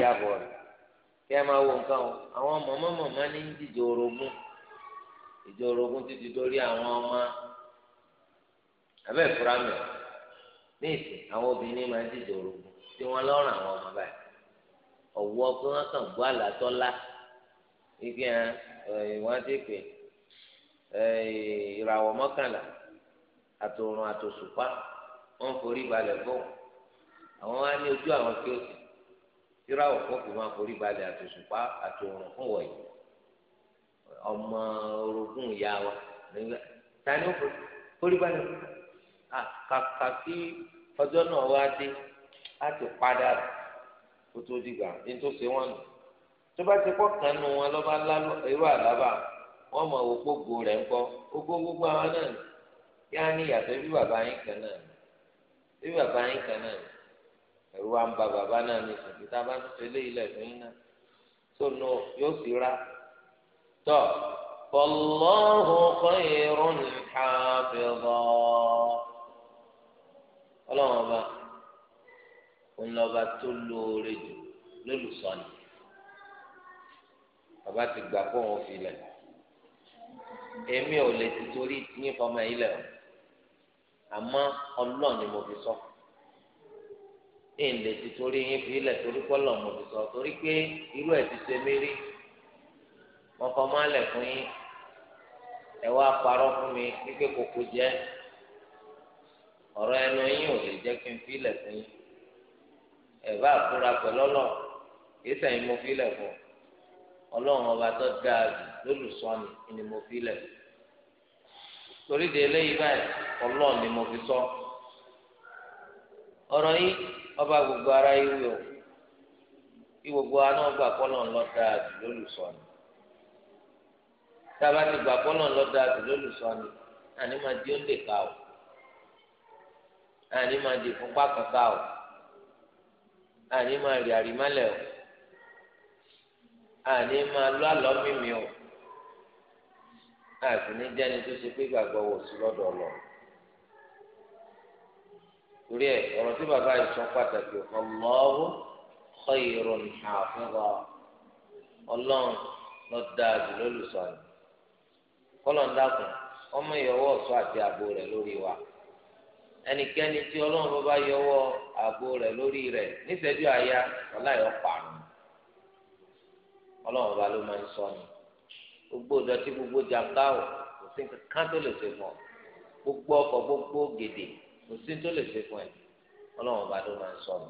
kí ẹ máa wo nǹkan o àwọn mọ̀mọ́mọ̀mọ́ ní ìdíje orogún ìdíje orogún dórí àwọn ọmọ abẹ́ ìfura ní ìsìn àwọn obìnrin máa ń díje orogún tí wọ́n àwọn ọmọ báyìí ọ̀wọ́ pé wọ́n kàn gbọ́ àlàtọ́lá igi eh, ìwọ́n ti pè eh, wọn forí balẹ̀ fún àwọn wá ní ojú àwọn tí ó sì tíra òkú kò máa forí balẹ̀ àtòṣùpá àtòrùn fún wọ̀nyí ọmọ orogún ìyá wa tani ó forí balẹ̀ kàkà kí ọjọ́ náà wá dé láti padà kó tó dìgbà ní tó ṣe wọn nù tó bá ti kọ́ kan nù wọn lọ́ba ńlá irú àlábà wọn mọ̀ wò rẹ̀ ńkọ́ gbogbo àwọn náà yá ní ìyàtọ̀ bí bàbá yín kan náà bí bàbá yín kan náà ẹ̀rù wa ń ba bàbá náà ní sùn kíta bá tún tẹ́lẹ̀ ilẹ̀ fún yín náà tó nù yóò sì ra tọ́ fọlọ́hù khayrun hafiza ọlọ́run ọba ńlọba tó lóore jù lólùsọ̀nì bàbá ti gbà kó wọn fi lẹ̀ èmi ò lè ti torí ní fọmọ ilẹ̀ o àmọ́ ọlọ́ọ̀ ni mo fi sọ èlé ti torí yín fi ilẹ̀ torí pọ́lọ̀ mo fi sọ torí pé irú ẹ̀ ti ṣe mí rí mo fọmọ alẹ̀ fún yín ẹ wá parọ́ fún mi wípé kòkó jẹ́ ọ̀rọ̀ ẹnu yín ò lè jẹ́ kí n fi ilẹ̀ fún yín ẹ bá fúra pẹ̀lú ọlọ́ kí sẹ́yìn mo fi ilẹ̀ fún ọlọ́run ọba tó dáa lólùsọ́ni ni mo fi ilẹ̀ torí de eléyìí báyìí. ọlọ́ọ̀ ni mo fi sọ ọ̀rọ̀ yìí ọba gbogbo ara yìí wò kí gbogbo kọ́lọ̀ ńlọ́dà àti ni. tába ti gbà kọ́lọ̀ ńlọ́dà àti ni. àní máa di ká o àní máa di ìfúnpá kankan o àní máa rí àrímálẹ̀ o àní máa lọ àlọ́ mímí o àti ní jẹ́ni tó ṣe pé gbàgbọ́ wò sí lọ́dọ̀ torí ẹ ọ̀rọ̀ tí bàbá yìí sọ pàtàkì Allahu khayrun hafiza ọlọ́run ló dáa jù lólùsọ̀nù kọ́lọ́n dàkùn ọmọ ìyọwọ́ ọ̀ṣọ́ àti ààbò rẹ̀ lórí wa ẹnikẹ́ni tí ọlọ́run bá yọwọ́ ààbò rẹ̀ lórí rẹ̀ níṣẹ́jú àyà ọláyọ̀ pààrọ̀ ọlọ́run bá ló máa ń sọ ni gbogbo ìdọ̀tí gbogbo jàmbá ò kò sí nǹkan tó lè ṣe fún ọ gbogbo ọkọ̀ gbogbo gèdè kò sí tó lè ṣe fún ẹ ọlọ́run ọba ló máa ń sọ ọ́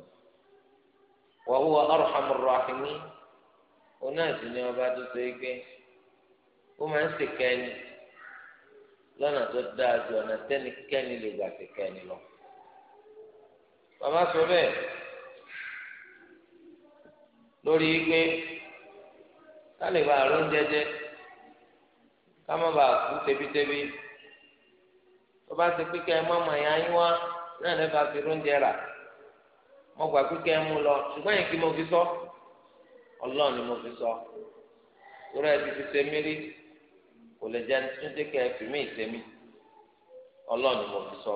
wa huwa arhamur rahimin òun náà sì ni ọba tó so gbé ó máa ń ṣèkẹ́ni lọ́nà tó dáa ju ọ̀nà tẹ́nikẹ́ni lè gbà ṣèkẹ́ni lọ. bàbá sọ bẹ́ẹ̀ lórí pé ká lè bá àrùn jẹjẹ ká má bàa kú tẹbítẹbí tó bá ti pé kẹ́ ẹ mọ́mọ́ ẹ̀yà yín wá náà lè bá fi oúnjẹ rà mo gbà pé kẹ́ ẹ mú lọ ṣùgbọ́n yẹn kí mo fi sọ ọlọ́run ni mo fi sọ torí ẹ fi ṣe mí rí kò lè jẹ́ nítorí kẹ́ fi mí ṣe mí ọlọ́run ni mo fi sọ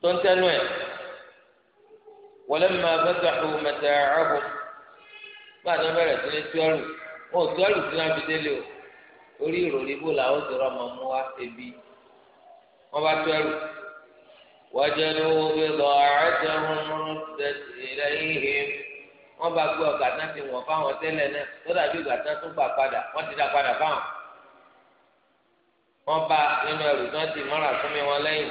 tó ń tẹnu ẹ̀ walamma fatahu mata'ahum bá a ní bẹ̀rẹ̀ sí ní tíọ́rù wọn ò tíọ́rù sí náà fi délé o orí ìròrí bó làwọn ti rọmọ mú wá ebi wọn bá tó ẹrù wajadu bida'atahum ruddat ilayhim wọn bá gbé ọgá tán ti wọn fáwọn tẹ́lẹ̀ náà tó dàbí ọgá tán tó gbà padà wọn ti dá padà fáwọn wọn bá nínú ẹrù tán ti mọ́ra fún mi wọn lẹ́yìn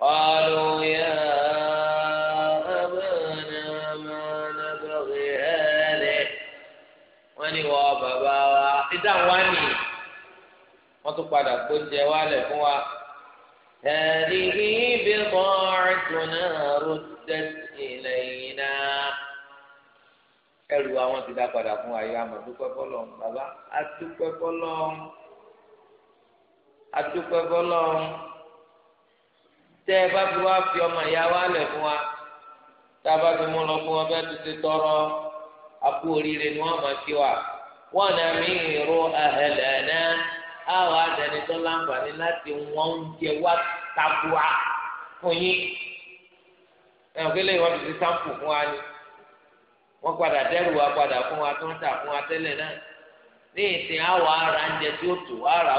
qalu ya abana ma nabghi wa tá à ń wá nìyí wọ́n tún padà gbóúnjẹ wálẹ̀ fún wa. هذه بضاعتنا ردت إلينا ẹrù àwọn ti dá padà fún ayé àmọ̀dúpẹ́ fọlọ́ bàbá adúpẹ́ fọlọ́ adúpẹ́ fọlọ́ tẹ́ ẹ bá fi wá fi ọmọ ìyá wa lẹ̀ fún wa tá a bá fi mú lọ fún wọn bẹ́ẹ̀ tọrọ àpò oríire ni wọ́n máa fi wà. ونمير أهلنا أو أدني تلام awa وانجي واتبوا فني ẹnìkẹ́lẹ́ wọn fi sáǹpù fún wa ni wọ́n padà dẹ́rù wa padà fún wa tó ń tà fún wa náà ara ń ara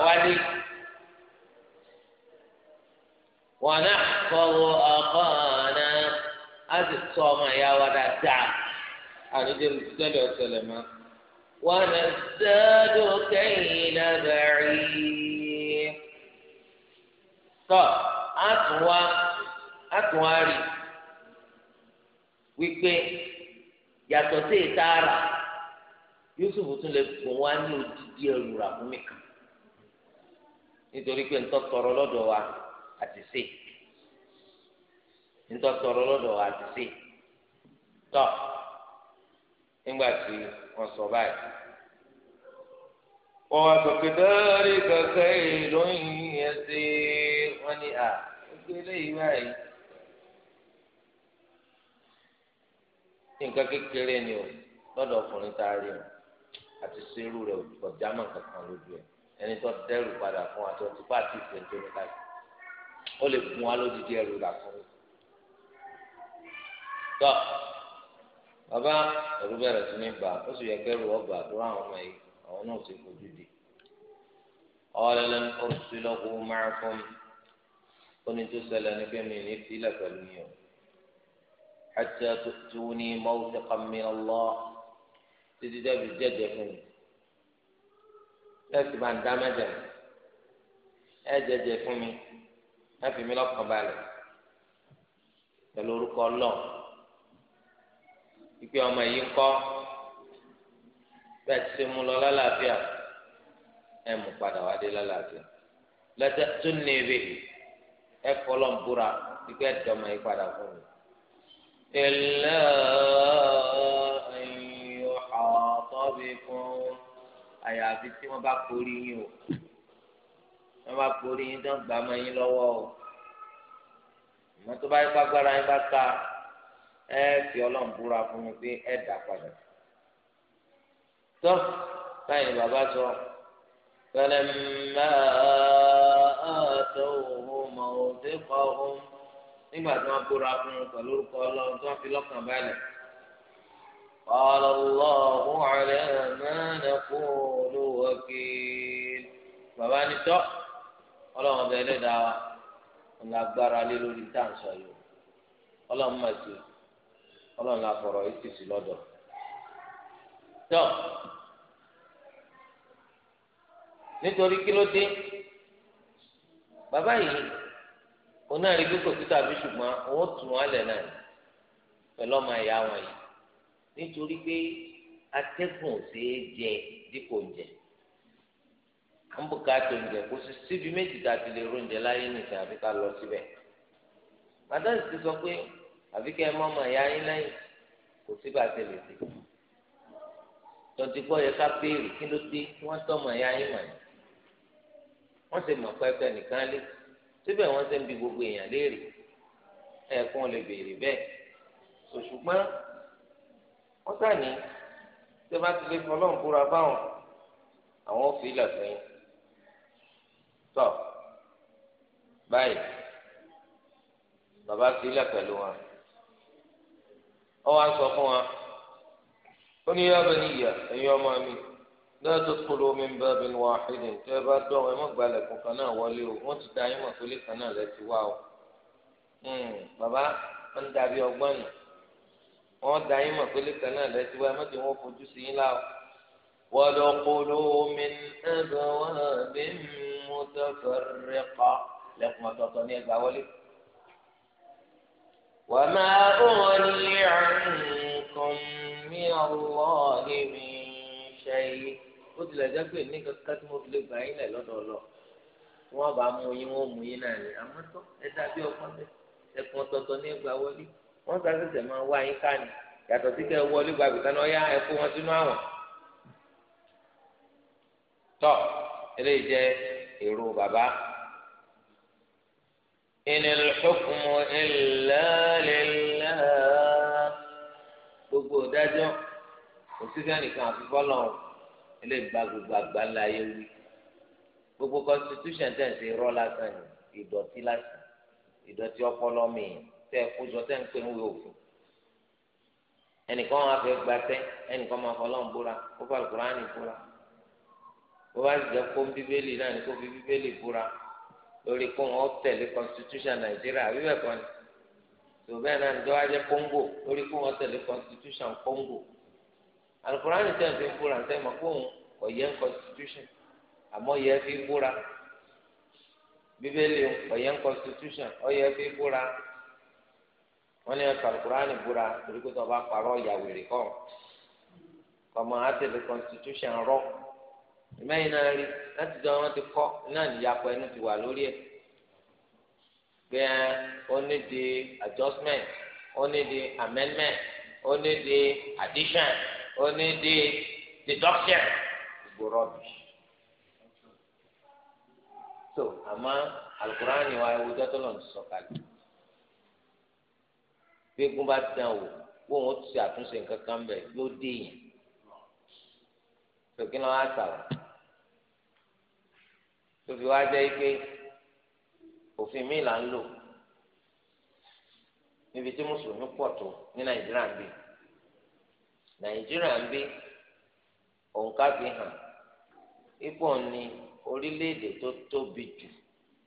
wọn náà kọ́wọ́ ọ̀kọ́ọ̀nà á sì sọ ọmọ ìyá wa dáadáa àníjẹ́ ونزداد كيل بعير tọ àtúnwá wípé yàtọ̀ sí ìtaara Yusuf tún lè fún wa ní odidi ẹrù rà fún mi kan nítorí pé ntọ́ tọrọ lọ́dọ̀ wa àti sè ntọ́ tọrọ lọ́dọ̀ wa àti sè tọ́ nígbà tí wọ́n sọ báyìí. wọ́n wá sọ pé dárí kankan èèlò yìnyín ṣe wọ́n ní à gbé léyìí báyìí. nǹkan kékeré ni o lọ́dọ̀ ọkùnrin tá a rí o àti serú rẹ̀ ọ̀já mọ̀ kankan lójú ẹ̀ ẹni tó dẹ́rù padà fún wa tó ti bá àti ìfẹ́ tó ní káyìí ó lè gun wa lódìdí ẹrù rà fún mi bàbá ẹ̀rù bẹ̀rẹ̀ sí ní bà ó sì yẹ kẹ́rù ọgbà tó ráwọn ọmọ yìí àwọn náà ti fojú di. ọ̀lẹ́lẹ́ oṣù lọ́kù máa fún mi ó ní tó ṣẹlẹ̀ ní pé mi ní fílẹ̀ pẹ̀lú mi o. àti tó ní mọ́wùsí kàmí ọlọ́ títí dẹ́bi jẹ́jẹ́ fún mi. lẹ́sìn bá ń dá mẹ́jẹ̀ mi ẹ jẹ́jẹ́ fún mi ẹ fi mi lọ́kàn balẹ̀ pẹ̀lú orúkọ ọlọ́ọ̀ ìpè ọmọ yìí ń kọ́ bẹ́ẹ̀ ti ṣe mú lọ lálàáfíà ẹ̀ mú padà wá dé lálàáfíà lọ́tẹ̀ tó ní ebè ẹ̀ fọlọ́ ń búra ìpè ẹ̀dọ́ ọmọ yìí padà fún mi. إلا أن يحاط بكم àyàfi tí wọ́n bá kórìí yín o wọ́n bá kórìí yín tó ń gbàmọ́ yín lọ́wọ́ o ìmọ̀tò bá yín bá yín bá ta. ẹ fi ọlọ́run búra fún mi pé ẹ dà padà tọ́ báyìí bàbá sọ fẹlẹ́mà àtọ̀wò mọ̀ọ́dé kọ́ ọ́n nígbà tí wọ́n búra fún un pẹ̀lú orúkọ ọlọ́run tí wọ́n fi lọ́kàn قال الله على ما نقول وكيل ọlọ́run la fọ̀rọ̀ etí sí lọ́dọ̀ tó nítorí kí ló dé bàbá yìí onáàrí gbogbo títà bí ṣùgbọ́n òun tún wọn lẹ̀ náà pẹ̀lú ọmọ ẹ̀yà wọn yìí nítorí pé atẹ́gùn ò ṣeé jẹ dípò jẹ ń bùkátà oúnjẹ kò sí síbi méjì tá a ti lè ro láyé nìkan àfi ká lọ síbẹ̀ màdáǹsì ti sọ pé àfi kẹ́ ẹ mọ́ ọmọ ìyá yín lẹ́yìn kò sí bá a ṣe lè ṣe tọ́tí gbọ́ yẹ ká béèrè kí ló dé kí wọ́n tọ́ ọmọ ìyá yín mọ̀ yín wọ́n ṣe mọ̀ pẹ́pẹ́ nìkan lé síbẹ̀ wọ́n ṣe ń bi gbogbo èèyàn léèrè ẹ̀ẹ̀kan lè béèrè bẹ́ẹ̀ ṣùgbọ́n wọ́n sàní tí wọ́n ti lè fọ́ lọ́n búra báwọn àwọn ò fi ilẹ̀ fún yín tọ́ báyìí bàbá fi pẹ̀lú wọn ọwọ́ sọ fún wa ó ní yá bẹ́ẹ̀ níyà ẹ̀yin ọmọ mi lọ́dọ̀ kúrò mi bá mi wá ìdè tẹ́ ẹ bá dọ̀ ẹ mọ̀ gbalẹ̀ kún kan náà wọlé o wọ́n ti da yín mọ̀ pé kan náà lẹ́ wá o hmm, bàbá wọn ń dàbí ọgbọ́n nù wọ́n da yín mọ̀ pé kan náà lẹ́ wá ẹ mọ̀tò fojú sí yín láwọ. wọ́dọ̀ kúrò mi ẹ̀dọ̀ wọn bí mo tọ́ fẹ́rẹ́ pa lẹ́kùn ọ̀tọ̀ọ̀tọ̀ ní ẹgbàá wọlé. وما أغني عنكم من الله من شيء ó tilẹ̀ jẹ́ pé ní kankan tí mo fi lè gbà yín lẹ̀ lọ́dọọlọ́ wọ́n bá mú yín wọ́n mú yín náà ní amọ́tọ́ ẹ dàbí ọkọ bẹ́ẹ̀ ẹ̀kún ọ̀tọ̀ọ̀tọ̀ ní ẹgbà wọlé wọ́n sá sẹ̀sẹ̀ máa wá yín káàní yàtọ̀ sí kẹ́ ẹ wọlé gba àbíkà náà yá ẹ kó wọn sínú àwọn. tọ́ eléyìí jẹ́ èrò bàbá إن الحكم إلا لله gbogbo dájọ́ kò sí sẹ́nìkan àfi fọ́lọ́run ilé ìgbà gbogbo àgbáńlá ayé wí gbogbo constitution tẹ̀ ń ṣe irọ́ lásán ni ìdọ̀tí lásán ìdọ̀tí ọpọlọ mìíràn tẹ̀ kójọ tẹ̀ ń pè ń wé òfin ẹnìkan wọn fẹ́ gbatẹ́ ẹnìkan máa fọ́lọ́run búra kó fà lùkùránì búra bó bá sì jẹ́ kó bíbélì náà ni kó fi bíbélì búra lórí kó wọn tẹ̀lé constitution nàìjíríà wíwẹ̀ kan tó bẹ́ẹ̀ náà níjọ́ ajẹ́ kóńgò lórí kó wọn tẹ̀lé constitution kóńgò alukurani tẹ̀ fi búra tẹ̀ mọ̀ kó wọn kò yẹ constitution àmọ́ yẹ fi búra bíbélì kò yẹ constitution ọ yẹ fi búra wọn ní ẹ̀ka alukurani búra torí kó tó bá parọ́ yàwèrè kọ́ kọ́mọ àtẹ̀lé constitution rọ́ọ̀ ìmẹ́yìn náà rí láti jọ wọn ti kọ́ náà níyàpọ̀ ẹnu ti wà lórí ẹ̀ pé ó ní di adjustment ó ní di amendment ó ní di addition ó ní di deduction gbogbo rọ́bì. so àmọ́ alukur'an ni wa ewu jọ́tọ̀ lọ́nà sọ̀kalẹ̀ bí egun bá dán wò kó wọn ti ṣàtúnṣe nǹkan kan bẹ̀ yóò dé yẹn. sọ̀kí náà wá sàrà. tóbi wá jẹ́ pé òfin mi là ń lò níbi tí mùsùlùmí pọ̀ tó ní nàìjíríà ń bí nàìjíríà ń bí òǹkà fi hàn ipò ní orílẹ̀-èdè tó tóbi jù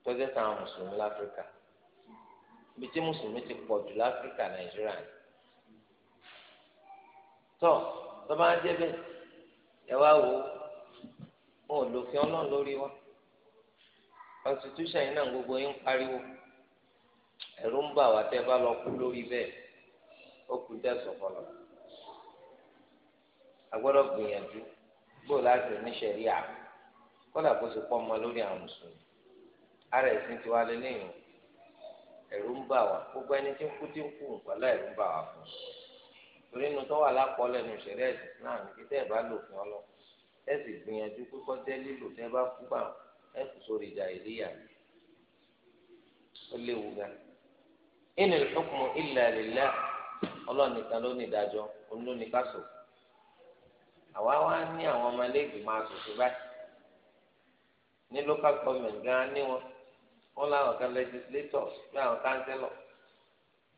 tọ́jú táwọn mùsùlùmí láfíríkà ibi tí mùsùlùmí ti pọ̀ jù láfíríkà nàìjíríà ni tọ́ tọ́ bá jẹ́ bẹ́ẹ̀ ẹ wá wò ó wọn ò lòfin ọlọ́run lórí wọn. constitution yìí náà gbogbo yín pariwo ẹ̀rù ń bà wá tẹ́ bá lọ kú lórí bẹ́ẹ̀ ó kú dẹ́sọ̀ fọlọ́ agbọ́dọ̀ gbìyànjú gbòò láti ní sẹ̀ríà kọ́dà kó sì pọ́ ọmọ lórí àwọn mùsùlùmí ara ẹ̀sìn ti wá lélẹ́yìn ẹ̀rù ń bà wá gbogbo ẹni tí ń kú tí ń kú nǹkan láì ń bà wá fún un torí inú tó wà lápọ̀lẹ̀ nu sẹ̀ríà ìsìn náà ní kí tẹ́ ẹ̀ bá lòfin ọlọ́ ẹ̀ gbìyànjú pípọ́ tẹ́ lílò tẹ́ bá kú bá wọn. ẹ kù sórí ìjà ìlíyà ó léwu gan inú ìlúkùn ilẹ̀ àlèlá ọlọ́ọ̀nìkan ló ní ìdájọ́ òun ló ní ká sọ àwa wá ní àwọn ọmọlẹ́gbẹ̀ẹ́ máa sòsò báyìí ní local government gan ní wọn wọn làwọn kan legislators láwọn councillor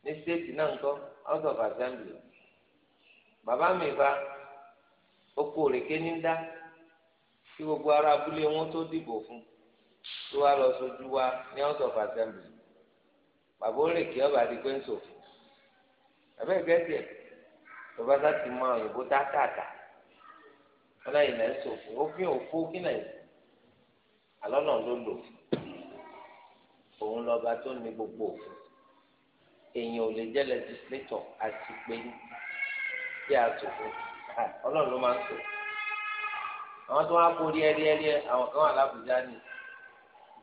ní state náà nǹkan house of assembly bàbá mi bá oko òrèké ní dá kí gbogbo ará abúlé wọn tó tó wá lọ sójú wa ní house of assembly bàbá òrè kí ọba di pé ń sòfin àbẹ́ ìgbẹ́sẹ̀ bàbá sá ti mọ òyìnbó táàtàtà ọlọ́yìn náà ń sòfin òfin òfó kí náà yìí àlọ́ náà ló lò òun lọ́ba tó ní gbogbo òfin èèyàn ò lè jẹ́ legislator àti pé tí a sòfin ọlọ́run ló máa ń sòfin àwọn tó wá kó rí ẹ rí ẹ rí ẹ àwọn kan wà lábùjá nìyí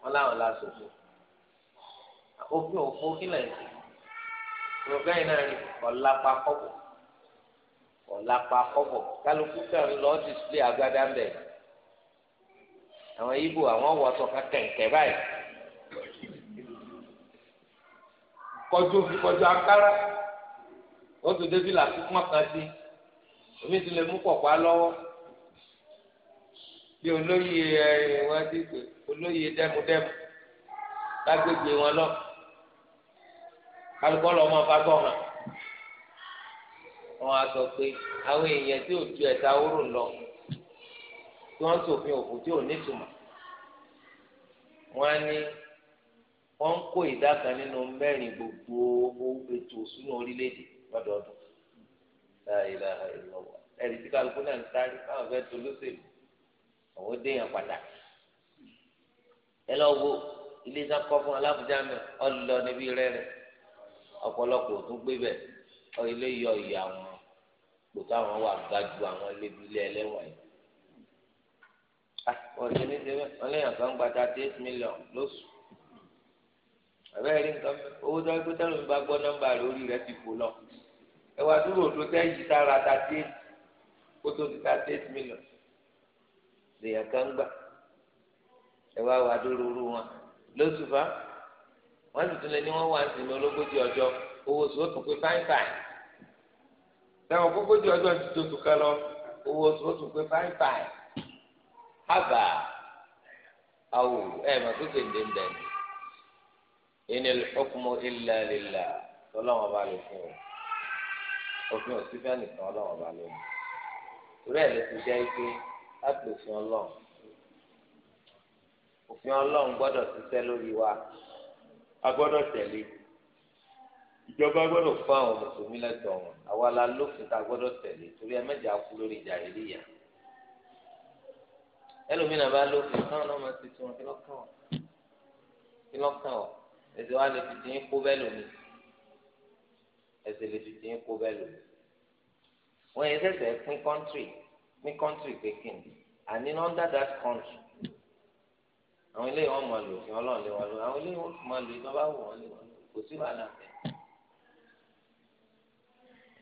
wọn láwọn la sòfò òfin òfò kílẹ̀ yìí yorùbá yìí náà rí ọ̀làpá kọ́bọ̀ ọ̀làpá kọ́bọ̀ kálukú kan lọ display agbada ń bẹ̀ àwọn ibo àwọn wọ̀ọ́sọ kẹ̀kẹ́ báyìí kọjú kọjú akára ó tún débi làkúkú mọ́kàn sí omi ti lè mú pọ̀pá lọ́wọ́ bí olóyè ẹ wọn ti pè olóyè dẹmudẹmu lágbègbè wọn lọ kálukọ lọ ọmọ fagbọ hàn wọn á sọ pé àwọn èèyàn tí ò ju ẹ̀ta oró lọ tí wọn ṣòfin òkú tí ò nítumọ̀ wọn á ní wọn ń kó ìdá kan nínú mẹ́rin gbogbo ètò òṣùnà orílẹ̀-èdè ẹrí tí kálukọ náà ń sáré káwọn fẹ́ẹ́ tó lóṣèlú owó déyàn pàtàkì ẹ lọ wo ilé iṣẹ́ kọ́ fún alábùjá mi ọlọ níbi rẹrẹ ọ̀pọ̀lọpọ̀ ò tún gbé bẹ ọ ilé yọ ìyá wọn kò táwọn wà ga ju àwọn ilébi ilé ẹlẹ́wọ̀n yìí ọ̀sẹ̀ ní ṣe bẹ́ẹ̀ ọlẹ́yìn kan gba thirty eight million lóṣù àbẹ́rẹ́ rí nǹkan bẹ́ẹ̀ owó tó ẹgbẹ́ tẹ́lẹ̀ mi bá gbọ́ nọ́mbà rẹ̀ orí rẹ̀ ti fò lọ ẹ̀wà dúró tó tẹ́ yìí sára thirty eight kó tó di thirty eight million. lèèyàn kan gbà ẹ wá wà dúró wọn lóṣù bá wọn sì tún lé ní wọn wà sí ní ológójì ọjọ owó oṣù ó pé fáìn fáìn sẹwọn ogójì ti tó tún ká owó oṣù ó pé fáìn fáìn ẹ mà tó ìní lílà ike. láti òfin ọlọ́run òfin ọlọ́run gbọ́dọ̀ ṣiṣẹ́ lórí wa a gbọ́dọ̀ tẹ̀lé ìjọba gbọ́dọ̀ fún àwọn mùsùlùmí lẹ́tọ̀ọ́ wọn àwa la lófin tá a gbọ́dọ̀ tẹ̀lé torí ẹ mẹ́jọ akú lórí ìjà ìlíyà ẹlòmínà bá lófin káwọn náà máa ti tiwọn kí lọ́ọ́ kàn wọ́n kí lọ́ọ́ kàn wọ́n ẹsẹ̀ wa lè fi ti yín kó bẹ́ẹ̀ lómi ẹsẹ̀ lè fi ti yín kó bẹ́ẹ̀ lómi wọ́n yẹ sẹ́sẹ̀ pín kọ́ńtírì ní kọ́ńtírì pékin and in under that country àwọn eléyìí wọn máa lò òfin ọlọ́run lé wọn lò àwọn eléyìí wọn máa lò ìjọba wò wọn lé wọn lò kò sí wàhálà bẹ́ẹ̀.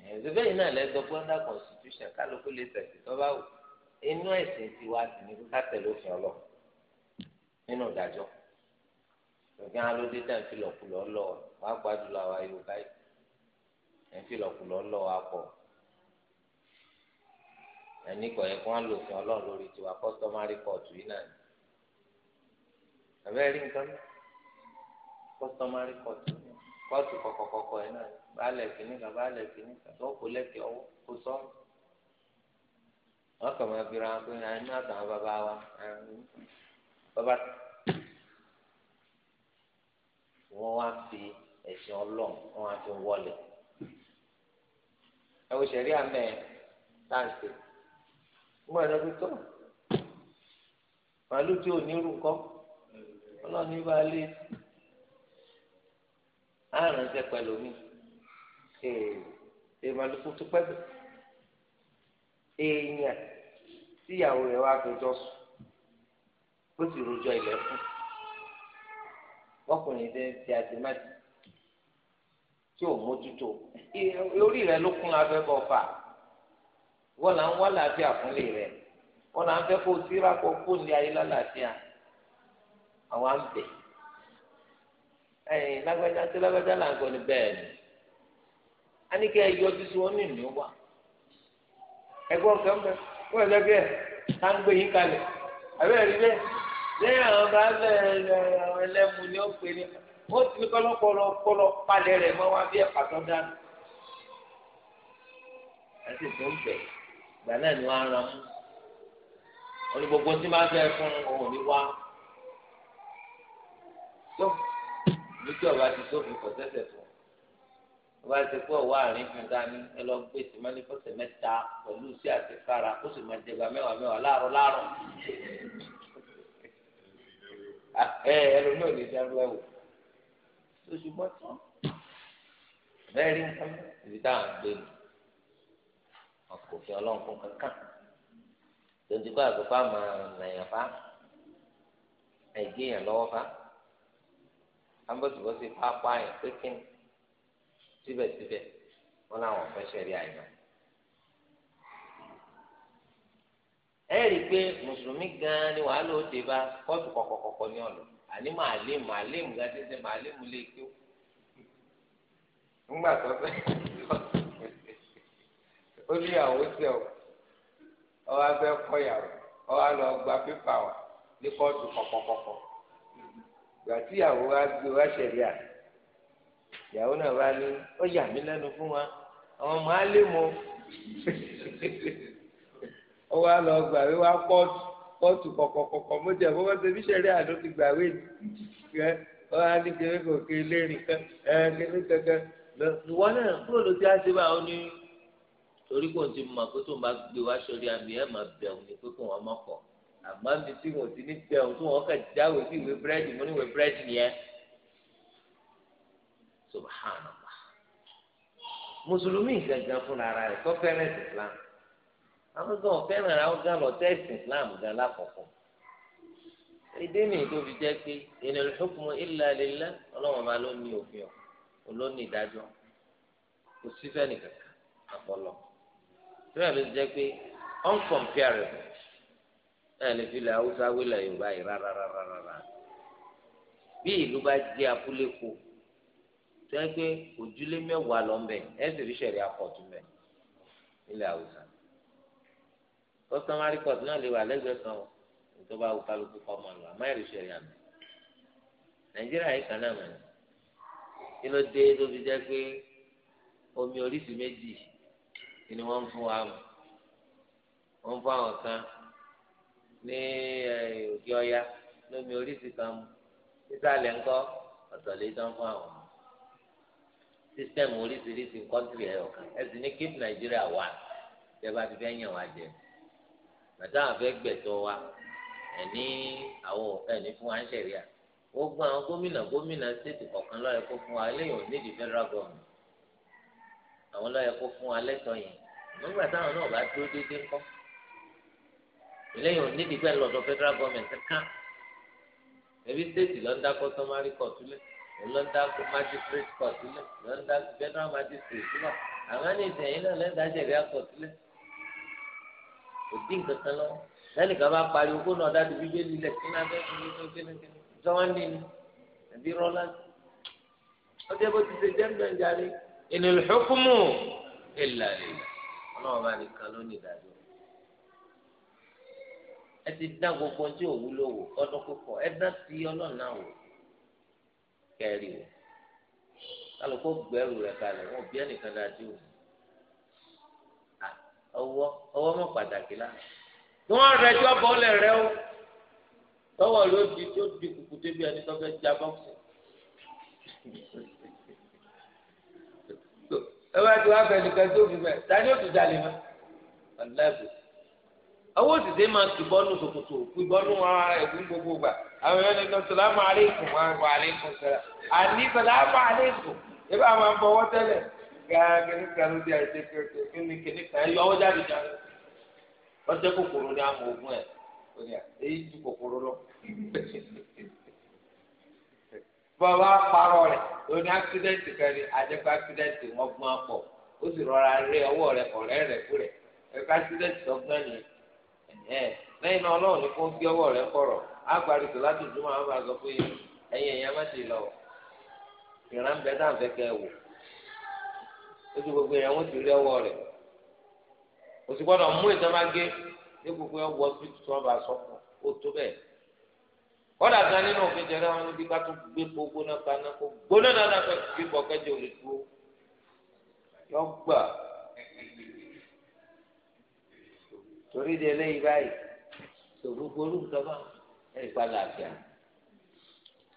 ẹ̀ẹ́dẹ́gbẹ́ yìí náà lẹ́sọ pé under constitution kálukú lè tẹ̀sí tọ́ba wò inú ẹ̀sìn tiwa sì ní ká tẹ̀lé òfin ọlọ́run nínú ìdájọ́ òfin alóde tẹ̀ ń fi lọ̀kùlọ̀ lọ wàá gbàdúrà wa Yorùbá yìí ẹ̀ ń fi lọ̀kùlọ̀ lọ wa pọ̀ ẹni kọ̀ yẹ kó wọn lò fún ọlọ́run lórí tiwa customary court yìí náà ni àbẹ́rẹ́ nǹkan customary court kóòtù kọ̀kọ̀kọ̀kọ̀ yìí náà baálẹ̀ kìíní kan baálẹ̀ kìíní kan tó kó lẹ́kẹ̀ ọwọ́ kó sọ́ wọn kàn máa fi ra pé àìní àtàwọn bàbá wa bàbá wọn wá fi ẹ̀sìn ọlọ́run wọn wá fi wọlé ẹ wo sẹ̀rí àmẹ́ táǹsì gbọ́ ẹ̀rọ tó tọ́ màálù tí ò ní rú kọ́ ọlọ́ọ̀ni bá lé àránṣẹ́ pẹ̀lú mi ee màálù tó tó pẹ́bẹ́ èèyàn tíyàwó rẹ̀ wá fẹjọ́ sùn ó sì rojọ́ ilẹ̀ fún ọkùnrin tẹ́ ti àti mẹ́ta tí ò mójútó orí rẹ̀ ló kún abẹ́ bọ́ fà á. wọ́n là ń wá làáfíà fúnlé rẹ̀ wọ́n là ń fẹ́ kó o síra kó o fóònù ayé lálàáfíà àwọn à ń lágbájá tí lágbájá là ń ni a yọjú sí wọn nínú wa ẹgbọ́n kan bẹ wọ́n tá ń gbé yín rí àwọn bá ni ó pè ní ti ẹ ìgbà náà ni wọ́n á ràn mú oní gbogbo tí máa fẹ́ fún òun ní wá tó lójú ọba ti sófin kò tẹ́sẹ̀ fún ọba ti pé ọwọ́ àárín fún dání ẹ lọ gbé tìmọ́ ní fọ́sẹ̀ mẹ́ta pẹ̀lú sí àtẹ̀kára ó sì máa jẹba mẹ́wàá mẹ́wàá láàárọ̀ láàárọ̀ ẹ ẹlòmí ò lè dárú ẹ̀wò lóṣù mọ́tò bẹ́ẹ̀ rí nǹkan ìdí táwọn gbé ni wọn kò fi ọlọ́run fún kankan tonti kó àgbẹ̀fà máa nàyàn fa ẹ̀gẹ́yàn lọ́wọ́ fa ambọ̀sibọ̀sì pápá yẹn pékin síbẹ̀síbẹ̀ wọn làwọn fẹ́ sẹ́rí àyà. ẹ rí i pé mùsùlùmí gan-an ni wàá lò ó dé bá kóòtù kọ̀kọ̀kọ̀kọ̀ ní ọ̀lọ́ àní màálé màálé mùgá tẹ́tẹ́ màálé mùlé kí ó. ńgbà tó fẹ́ ó ní ìyàwó o ọwọ abẹ kọ ìyàwó ọwọ alọ gba pépà wa ní kóòtù kọkọkọkọ ìgbà tí ìyàwó wa gbé wa ṣẹlẹ̀ à ìyàwó náà bá ní ó yà mí lẹ́nu fún wa àwọn ọmọ alẹ mọ ọwọ alọ gba wí wa kóòtù kóòtù kọkọkọkọ mo jẹ bó wọn ṣe fi ṣẹlẹ̀ àdó ti gbà wí ẹ ọwọ alẹ kẹfẹ kò kẹ lẹrin kẹ ẹ kẹfẹ kẹkẹ wọn náà kúrò ló ti á ṣe torí kò ti mọ̀ pé tó ń bá gbé wá sórí àmì ẹ̀ máa bẹ̀rù ni pé kò wọ́n mọ̀ kọ̀ àmọ́ mi tí mo ti ní bẹ̀rù tó wọ́n kàn jáwé sí ìwé búrẹ́dì mo ní ìwé búrẹ́dì yẹn subhanallah mùsùlùmí gangan fúnra rẹ̀ kọ́ fẹ́rẹ̀ islam àwọn gan fẹ́ràn àwọn gan lọ tẹ́sí islam gan lákọ̀ọ́kọ́ ìdí nìyí tó fi jẹ́ pé inal hukmu illa lillah ọlọ́wọ́n máa ló ní òfin ọ̀ ló ìdájọ́ kò sí fẹ́ nìkan àpọ̀lọ́ síbẹ̀ ló ti jẹ́ pé uncomparable náà lè fi ilẹ̀ haúsá wílẹ̀ yorùbá yìí rárá rárá rárá bí ìlú bá jẹ́ abúlé kó tó yẹ pé òjúlé mẹ́wàá lọ mbẹ ẹ sì rí sẹ̀rí akọ̀tù mbẹ nílẹ̀ haúsá customary court náà lè wà lẹ́gbẹ̀ẹ́ kan nítorí bá kálukú kọ́ ọmọ lọ àmọ́ ẹ̀rí sẹ̀rí àmì nàìjíríà yìí kan náà mọ̀ ní kí ló dé tó fi jẹ́ pé omi oríṣi méjì ni wọ́n ń fún wa mọ̀ wọ́n ń fún àwọn kan ní òkè ọya lómi oríṣi kan mu sísàlẹ̀ ńkọ́ ọ̀tọ̀ lè dán fún àwọn sísítẹ́ẹ̀mù oríṣiríṣi kọ́ńtìrì ẹ̀yọ̀ kan ẹ̀sìn ní keep Nigeria wà ìjọba ti fẹ́ yàn wá jẹ bàtà àwọn fẹ́ gbẹ̀tọ́ wa ẹ̀ní àwọn ẹ̀ní fún wa ń ṣẹ̀rí à ó gbọ́n àwọn gómìnà gómìnà stéètì kọ̀ọ̀kan lọ́yẹ̀ kó fún wa eléyìí ò nídìí federal government àwọn lọ́yẹ kó fún alẹ́ tọ́ yẹn nígbà táwọn náà bá dúró déédéé ńkọ́ ìlẹ́yìn onídìí pẹ́ lọ́dọ̀ federal government kan ẹbí state ló ń dá customary court lẹ̀ ló ń dá magistrate court lẹ̀ ló ń dá federal magistrate lẹ̀ àwọn ní ìsẹ̀yìn náà lẹ́dàá jẹ̀rí court lẹ̀ kò dín kankan lọ lẹ́nìkan bá pariwo kó náà dájú bíbélì lẹ̀ kí náà bẹ́ẹ̀ kí ní kí ní kí ní sọ́wọ́n ní ni ẹ̀bí rọ́lá ọjọ́ bó ti ṣe jẹ́ ń bẹ̀ ń inil hukmu illa lillah ọlọ́wọ́ bá nìkan ló ní ìdájọ́ ẹ ti dá gbogbo tí ò wúlò wò ọdún púpọ̀ ẹ dá ti ọlọ́run náà wò kẹrì o kálukó gbẹrù rẹ kalẹ̀ wọn bí ẹnìkan dájú o ọwọ́ ọwọ́ mọ pàtàkì la tí wọn rẹ tí bọ lẹ rẹ o tọwọ ló di tó di kùkù débi ẹni tó fẹ́ já bọksì. ẹ bá ti wá fẹ̀lẹ̀ kan tó fi bẹ̀ tani ó ti dalẹ̀ mọ́ aláàbò àwọn òṣìṣẹ́ máa tù bọ́ọ̀lù tòkòtò kú bọ́ọ̀lù wọn ẹ̀kú gbogbo gbà àwọn sọlámù sọlá àní sọlámù máa ló bọ́wá parọ́ rẹ̀ ó ní accident kan ní àjẹpọ̀ accident pọ̀ ó sì rọra rẹ ọwọ́ rẹ̀ ọ̀rẹ́ rẹ̀ kú rẹ̀ ẹ̀ka accident ọgbọ́n ni ẹ̀ lẹ́yìn náà ọlọ́run ní kó gbé ọwọ́ rẹ̀ kọ̀rọ̀ agbárí láti dùn máa bá pé ẹ̀yin ẹ̀yà má ti lọ ìran bẹ́ẹ̀ dáhùn fẹ́ kẹ́ wò ó gbogbo ti rí ọwọ́ rẹ̀ òsì gbọ́dọ̀ mú ní gbogbo tuntun ọba sọ́kùn ó tó kọ́dà gan nínú òfin jẹrẹ wọn níbi ká tó gbé gbogbo náà kaná kó gbóná náà náà fẹ́ gbé bọ̀ kẹ́jọ lè dúró yọ gbà torí de eléyìí báyìí tó gbogbo olùkọ́ba ẹ̀rí padà àbíà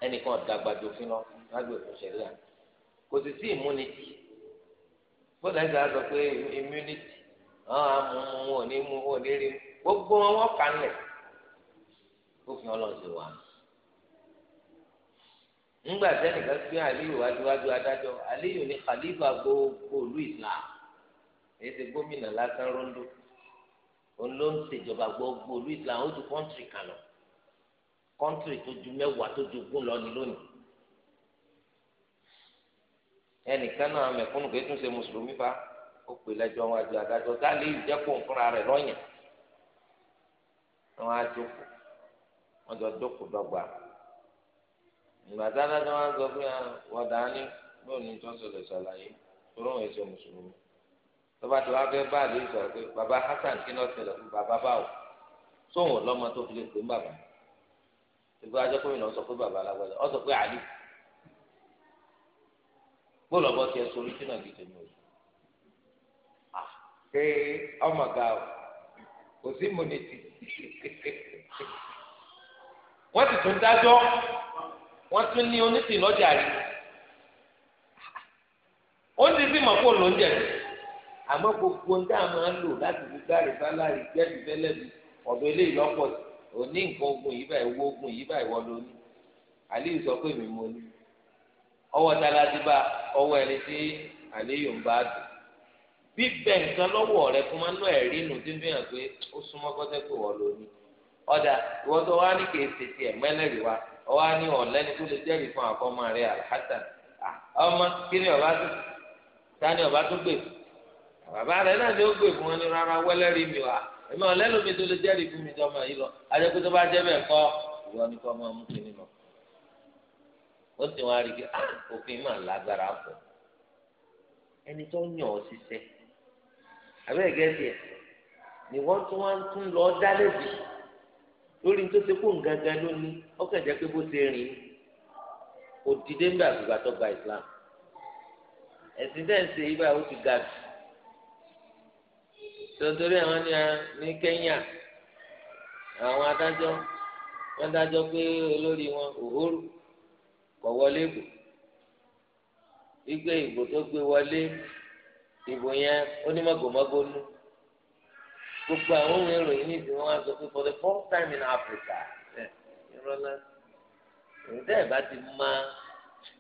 ẹnìkan ọ̀dàgbàjò fún lọ lágbègbè fún ṣẹlẹ̀ kò sì sí immunity bọ́dà ìgbà sọ pé immunity àwọn amú òní mú òní rí gbogbo wọn kà ń lẹ̀ òfin ọlọ́ọ̀sẹ̀ wà nù. ńgbà tẹnìkan gbé aliyu wájúwájú adájọ́ aliyu ni khalifa gbogbo olú islam eze gomina gómìnà lásán rondo ló ń ṣèjọba gbogbo olú islam ó ju kọ́ńtìrì kan lọ kọ́ńtìrì tó ju mẹ́wàá tó ju gún lọ ní lónìí ẹnìkan náà mẹ̀kúnnù kò tún ṣe mùsùlùmí fa ó pè lẹ́jọ́ wájú adájọ́ táàlì ìjẹ́kùn rẹ̀ lọ́yìn á jókòó jọ jókòó dọ́gba. ìgbà táwọn tó wọn sọ pé wọn dání lónìí tó sọlẹ sàlàyé tó lóun èso mùsùlùmí tọba tí wọn fẹ́ bá àdé sọ̀rọ̀ pé baba hasan kí ni ọsẹlẹ fún baba báwo sóhun lọmọ tó fi lè pè ń bàbá ìgbà ajẹkùnrin náà sọ pé baba alágbádá ọ sọ pé àlè gbọlọbọ tiẹ sórí tí náà di tèmi o ṣé ọmọ ga o kò sí mọnẹtì wọn ti tún dájọ. wọ́n tún ní onísìn lọ́jà rí ó ti gbogbo ń dá máa ń lò láti fi gbáre sálárì jẹ́bi fẹ́lẹ́bi ọ̀dọ̀ lọ́pọ̀ òní nǹkan ogun yìí báyìí ogun yìí báyìí lóní sọ pé mi bá ọwọ ẹni tí ń bá dùn lọ́wọ́ rẹ fún nù tí ń pé ó ọwọ́ á ní ọ̀lẹ́ni tó lè jẹ́rìí fún àkọ́mọ rẹ̀ alhassan ọmọ kí ni ọba tó ta ni ọba tó gbè bàbá rẹ̀ náà ni ó gbè fún wọn ní rárá wẹ́lẹ́rì mi wá èmi ọ̀lẹ́nu mi tó lè jẹ́rìí fún mi jọmọ yìí lọ adékú tó bá jẹ́ bẹ́ẹ̀ kọ́ ìwọ ni kọ́ máa mú kíní lọ. ó sì wá rí i pé ah, òfin máa lágbára pọ̀ ẹni tó yàn ọ́ ṣiṣẹ́ àbẹ́ẹ̀gẹ́sì ẹ̀ ni wọ́n tún wá ń tún lọ dá lẹ́bi lórí tó ṣe kó ngangan lónìí ọkàn jẹ́ pé bó ṣe rìn kò dìde ńgbà àgbègbè àtọ́gba islam ẹ̀sìn tẹ̀ ń ṣe ibà ó ti ga jù tọ́tọ́rí àwọn ní ní Kenya àwọn adájọ́ wọ́n dájọ́ pé olórí wọn òhóró kọ̀ wọlé ìbò wípé ìbò tó gbé wọlé ìbò yẹn ó ní mọ̀gòmọ́gò nú gbogbo àwọn ohun èrò yìí nìyí wọn sọ pé for the first time in Africa ìrọlá ìrọlá ẹ̀ bá ti máa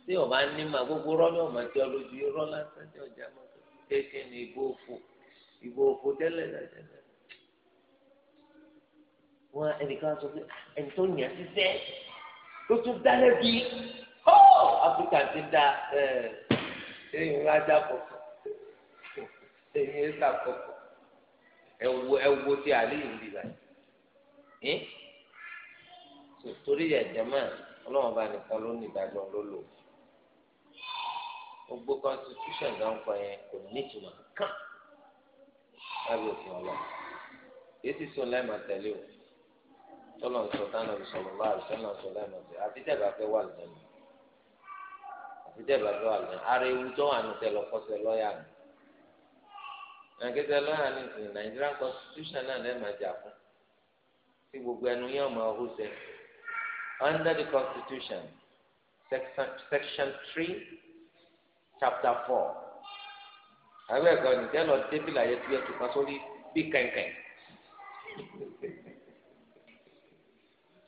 tí o bá ní ma gbogbo rọ́ọ̀nù ọ̀mà tí ọlójú irọ́ lásán tí ọjà máa tó kéèké ní ìbò òfò ìbò òfò tẹ́lẹ̀ tẹ́lẹ̀. wọn ẹnìkan sọ pé ah, ẹni tó yàn sísẹ́ tó tún dá lẹ́bi ọ́ áfíríkà ti da ẹ̀ẹ́dẹ́yìn rájà kọ̀ọ̀kan ẹ̀yìn ẹ̀ka kọ̀ọ̀kan ẹwo ẹwo tí a lè rí báyìí ẹ torí ẹ̀jẹ̀mọ́ ọlọ́wọ́n bá nìkan ló ní ìdájọ́ ló gbogbo constitution náà ń kọ yẹn kò ní ìtumọ̀ kán lábẹ́ òfin ọlọ́run èsì sùn lẹ́ẹ̀mà tẹ̀lé o tọ́lọ̀ ń sọ táwọn ọ̀rọ̀ sọ̀rọ̀ bá àrùsọ náà sọ lẹ́ẹ̀mà tẹ̀lé àti tẹ̀bà fẹ́ wà lẹ́nu àti tẹ̀bà fẹ́ wà lẹ́nu ara ewu tó wà ní tẹ̀lọ́kọ́sẹ̀ lọ́ọ̀yà mi nàgẹ́tẹ̀ lọ́yà ní ìsìn Nigerian constitution náà lẹ́ẹ̀ máa fún tí gbogbo ẹnu yẹn ọmọ ọhún ṣe under the constitution section three chapter four àwọn ẹ̀kọ́ nìjẹ́ lọ débìlì ayé tó yẹ tó kan sórí bí kẹ̀kẹ́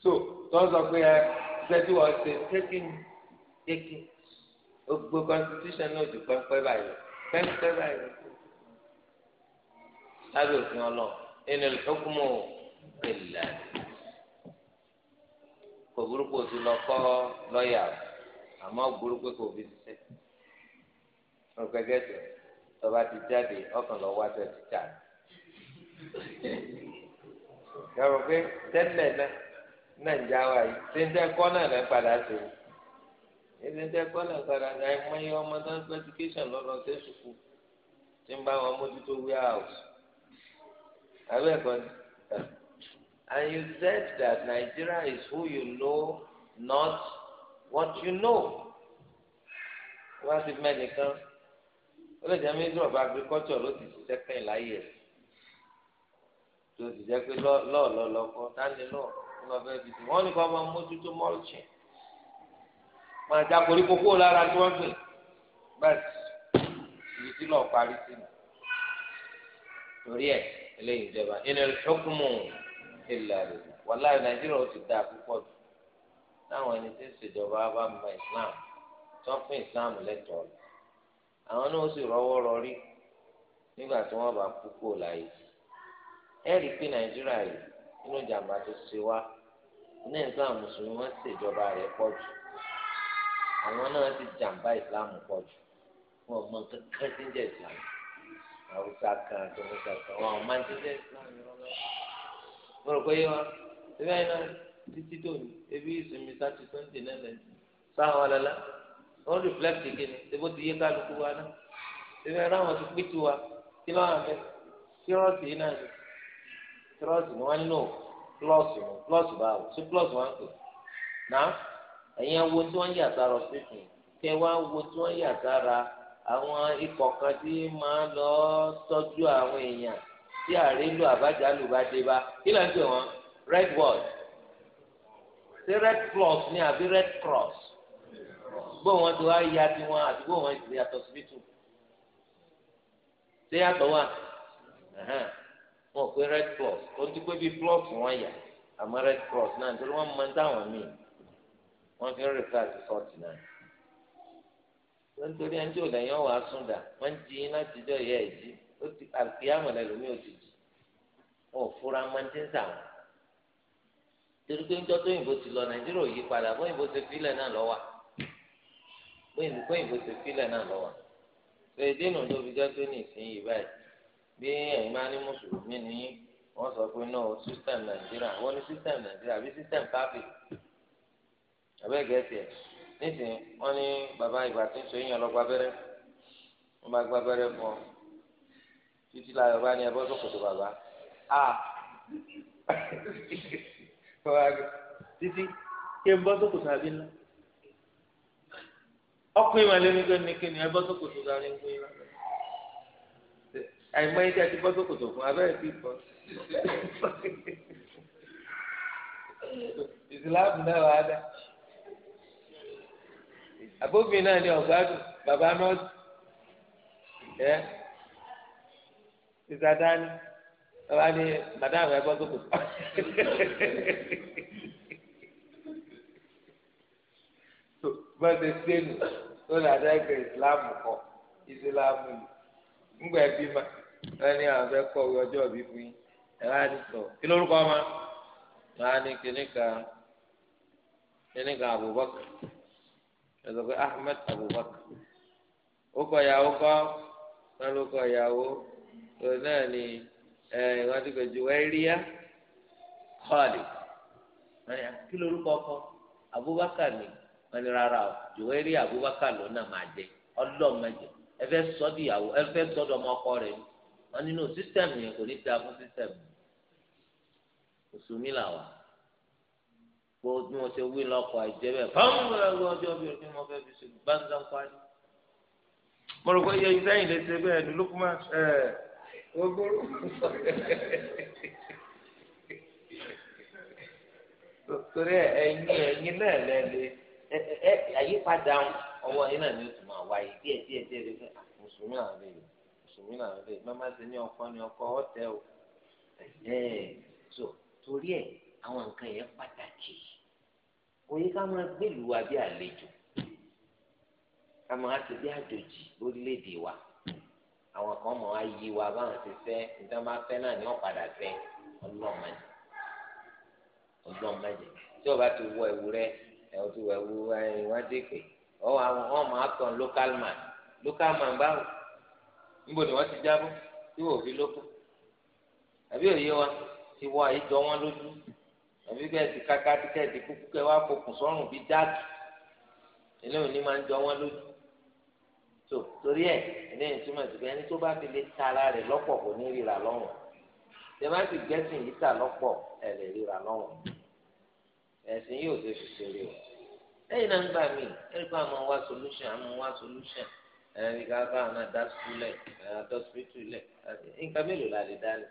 so tó ń sọ pé ẹ sẹ́tí wọ́n ṣe tẹ́kí tẹ́kí gbogbo constitution náà ju pẹ́ńpẹ́ báyìí pẹ́ńpẹ́ báyìí lábẹ́ òfin ọlọ ẹni lùkùmù ìlà kò burúkú o ti lọ kọ́ lọ́ọ̀yà àmọ́ burúkú kò fi ṣiṣẹ́ ọ̀gẹ́gẹ́ tẹ̀ tọba ti jáde ọkàn lọ wá sẹ́ ti tà yàrá pé tẹ́lẹ̀ náà nàìjíríà wa yìí ṣe ń dẹ́kọ́ náà lẹ́ padà sí i ilé dẹ́kọ́ náà padà sí i àìmọye ọmọ tó ń pẹ́ education lọ́dọ̀ sí sùkúù tí ń bá wọn mójútó warehouse abẹ́ẹ̀kọ́ and you said that Nigeria is who you know not what you know wọ́n ti mẹ́ nìkan ó lè jẹ́ ministry of agriculture ló ti ṣiṣẹ́ kẹ́yìn láyé rẹ̀ tó ti jẹ́ pé lọ́ọ̀lọ́lọ́kọ́ dání lọ́ọ̀ ní wọ́n fẹ́ fi ti wọ́n ní kó máa mójútó mulching máa já koríko kó lára tí wọ́n gbìn bẹ́ẹ̀ ibi tí sí ni torí ẹ̀ eléyìí ìjọba inú ìṣọkùnmù ìlà rẹ wàláì nàìjíríà ó ti dáa púpọ̀ jù táwọn ẹni tí ń ṣèjọba bá mọ islam tó fún islam lẹ́tọ̀ọ́ rẹ̀ àwọn náà ó sì rọ́wọ́ rọrí nígbà tí wọ́n bá púpọ̀ láyé ẹ rí i pé nàìjíríà yìí inú ìjàmbá tó ṣe wá ní islam mùsùlùmí wọ́n ṣèjọba rẹ̀ pọ̀ jù àwọn náà ti jàmbá islam pọ̀ jù wọn mọ kankan tí ń jẹ́ islam. Haúsá kan àti Haúsá kan wọn ò máa ń jẹ́jẹ́ Islam lọ́wọ́. mo rò pé yé wa ṣébí àyìnbá títí tó ní ebi ìsinmi sátì sọ́ńdè náà lẹ́yìn sáwọn alẹ́lá wọ́n rìflẹ́kìtì kìíní ebó ti yé kálukú wa náà ṣébí àyìnbá wọn ti pín tiwa kí lọ́wọ́ àfẹ́ kírọ́ọ̀sì yìí náà ni kírọ́ọ̀sì ni wọ́n ń lò plọ́ọ̀sì wọn plọ́ọ̀sì báwo ṣé plọ́ọ̀sì wọn kò náà ẹ̀yin awo tí wọ́n yà sára ọ̀sẹ̀ kẹ wá wo tí wọ́n yà sára àwọn ikọ̀ kan tí máa lọ tọ́jú àwọn èèyàn tí àrélu àbájálù bá dé bá kí ló ń pè wọ́n red word ṣé red cross ni àbí red cross bó wọn ti wá ya tiwọn àti bó wọn ti yàtọ̀ síbi tù ṣé yàtọ̀ wà wọn pe red cross ó ti pé bíi plus wọn yà àmọ́ red cross náà nítorí wọ́n mọ táwọn míì wọ́n fi ń rìkà sí sọ́ọ̀tì náà. nítorí ẹni tí ò lẹ́yìn ọ̀wà súndà wọ́n jí yín láti jọ ìyá jí ó ti àti àmọ̀lẹ́ lómi ò wọn ò fura máa ń sà wọn. torí pé tó ti lọ nàìjíríà ò yí padà bóyìn bó ṣe fílẹ̀ náà lọ́wọ́ bóyìn bó ṣe náà lọ́wọ́. ṣe fi jẹ́ ní ìsinyìí sọ pé náà nàìjíríà wọ́n ní nísìnyí wọn ní bàbá ìgbà tí ń so yín ọlọgbà abẹrẹ wọn bá gba abẹrẹ fún ọ títí la yorùbá ni ẹbọ sọkòtò bàbá a títí kí n bọ sọkòtò àbí ńlá ọkùnrin wà lórí gbẹ ní kíni ẹbọ sọkòtò àbí ńlá àìmọ̀ ẹjẹ ti bọ sọkòtò fún abẹ́rẹ́ ti bọ ìsìlámù náà wà á dá àbófin náà ni ọ̀gbádùn bàbá nọ́ọ̀sì ẹ sísá dání bàbá ni madame ẹ bọ́ sókò bọ́sẹ̀ sẹ́nu tó lè adágbé ìsìláàmù kọ ìsìláàmù ńgbà ẹbí ma wọ́n ní àwọn fẹ́ kọ́ ọjọ́ òbí fún yín ẹ wá ní sọ kí lórúkọ ọmọ wọn á ní kíníkà kíníkà Abubakar. ẹsọ ahmed abubakar ó kọ ìyàwó kọ náà ló kọ ìyàwó tó náà ni eh, wọn ti gbẹjú ẹríyá ah, kí abubakar ni wọn ni rárá o abubakar ló náà máa jẹ ọlọ́mọdé ẹ fẹ́ sọ́dọ̀ ìyàwó ẹ fẹ́ sọ́dọ̀ ọkọ rẹ wọn nínú yẹn kò ní gbogbo bí wọn ṣe wí lọkọ àìjẹbẹ fáwọn ẹgbẹ ọjọ́ bíi ọdún wọn fẹẹ fi ṣe gbáǹdà kwari. mo rò pé iye yìí lè ṣe bẹ́ẹ̀ ni gbogbo. torí ẹ̀yin ẹ̀yin náà lẹni ẹ àyípadà ọwọ́ yìí náà ni ó tún máa wáyé díẹ̀ díẹ̀ díẹ̀ lè fẹ́ ah, mùsùlùmí àwọn lè mùsùlùmí àwọn lè ṣe ní ọkọ ní ọkọ so torí ẹ àwọn nǹkan yẹn òye ká máa gbèlú wa bí àlejò ká máa ti bí àjòjì lórílẹ̀‐èdè wa àwọn kan mọ̀ á yí wa báwọn ti fẹ́ nítorí bá fẹ́ náà ní ọ̀padà fẹ́ ọlọ́mọdé ọlọ́mọdé tí o bá ti wọ ẹ̀wù rẹ o ti wọ ẹ̀wù wọ́n ti pè ọwọ́ àwọn ọmọ àtọ̀n local man local man báwo níbo ni wọ́n ti jábọ́ tí wọ́n ò fi lóko àbí òye wa ti wọ àyíjọ wọn lójú àbí bẹ́ẹ̀ ti káká tíkẹ́ẹ̀tì kúkú kẹ́ wá fokùn sọ́rùn bíi dáàtì eléyìí ní máa ń jọ wọ́n lójú tó torí ẹ̀ eléyìí túmọ̀ sí pé ẹni tó bá fi lè ta ara rẹ̀ lọ́pọ̀ kò ní ríra lọ́wọ́n tẹ bá sì gbẹ́sìn yìí tà lọ́pọ̀ ẹ̀ lè ríra lọ́wọ́n ẹ̀sìn yóò ṣe fi ṣeré o lẹ́yìn náà ń gbà mí ẹ̀rí pé wá solution àwọn wá solution ẹ̀rí ká bá àwọn àdá sùkúlẹ̀ àdọ́sítù lẹ̀ nǹkan mélòó la lè dá lẹ̀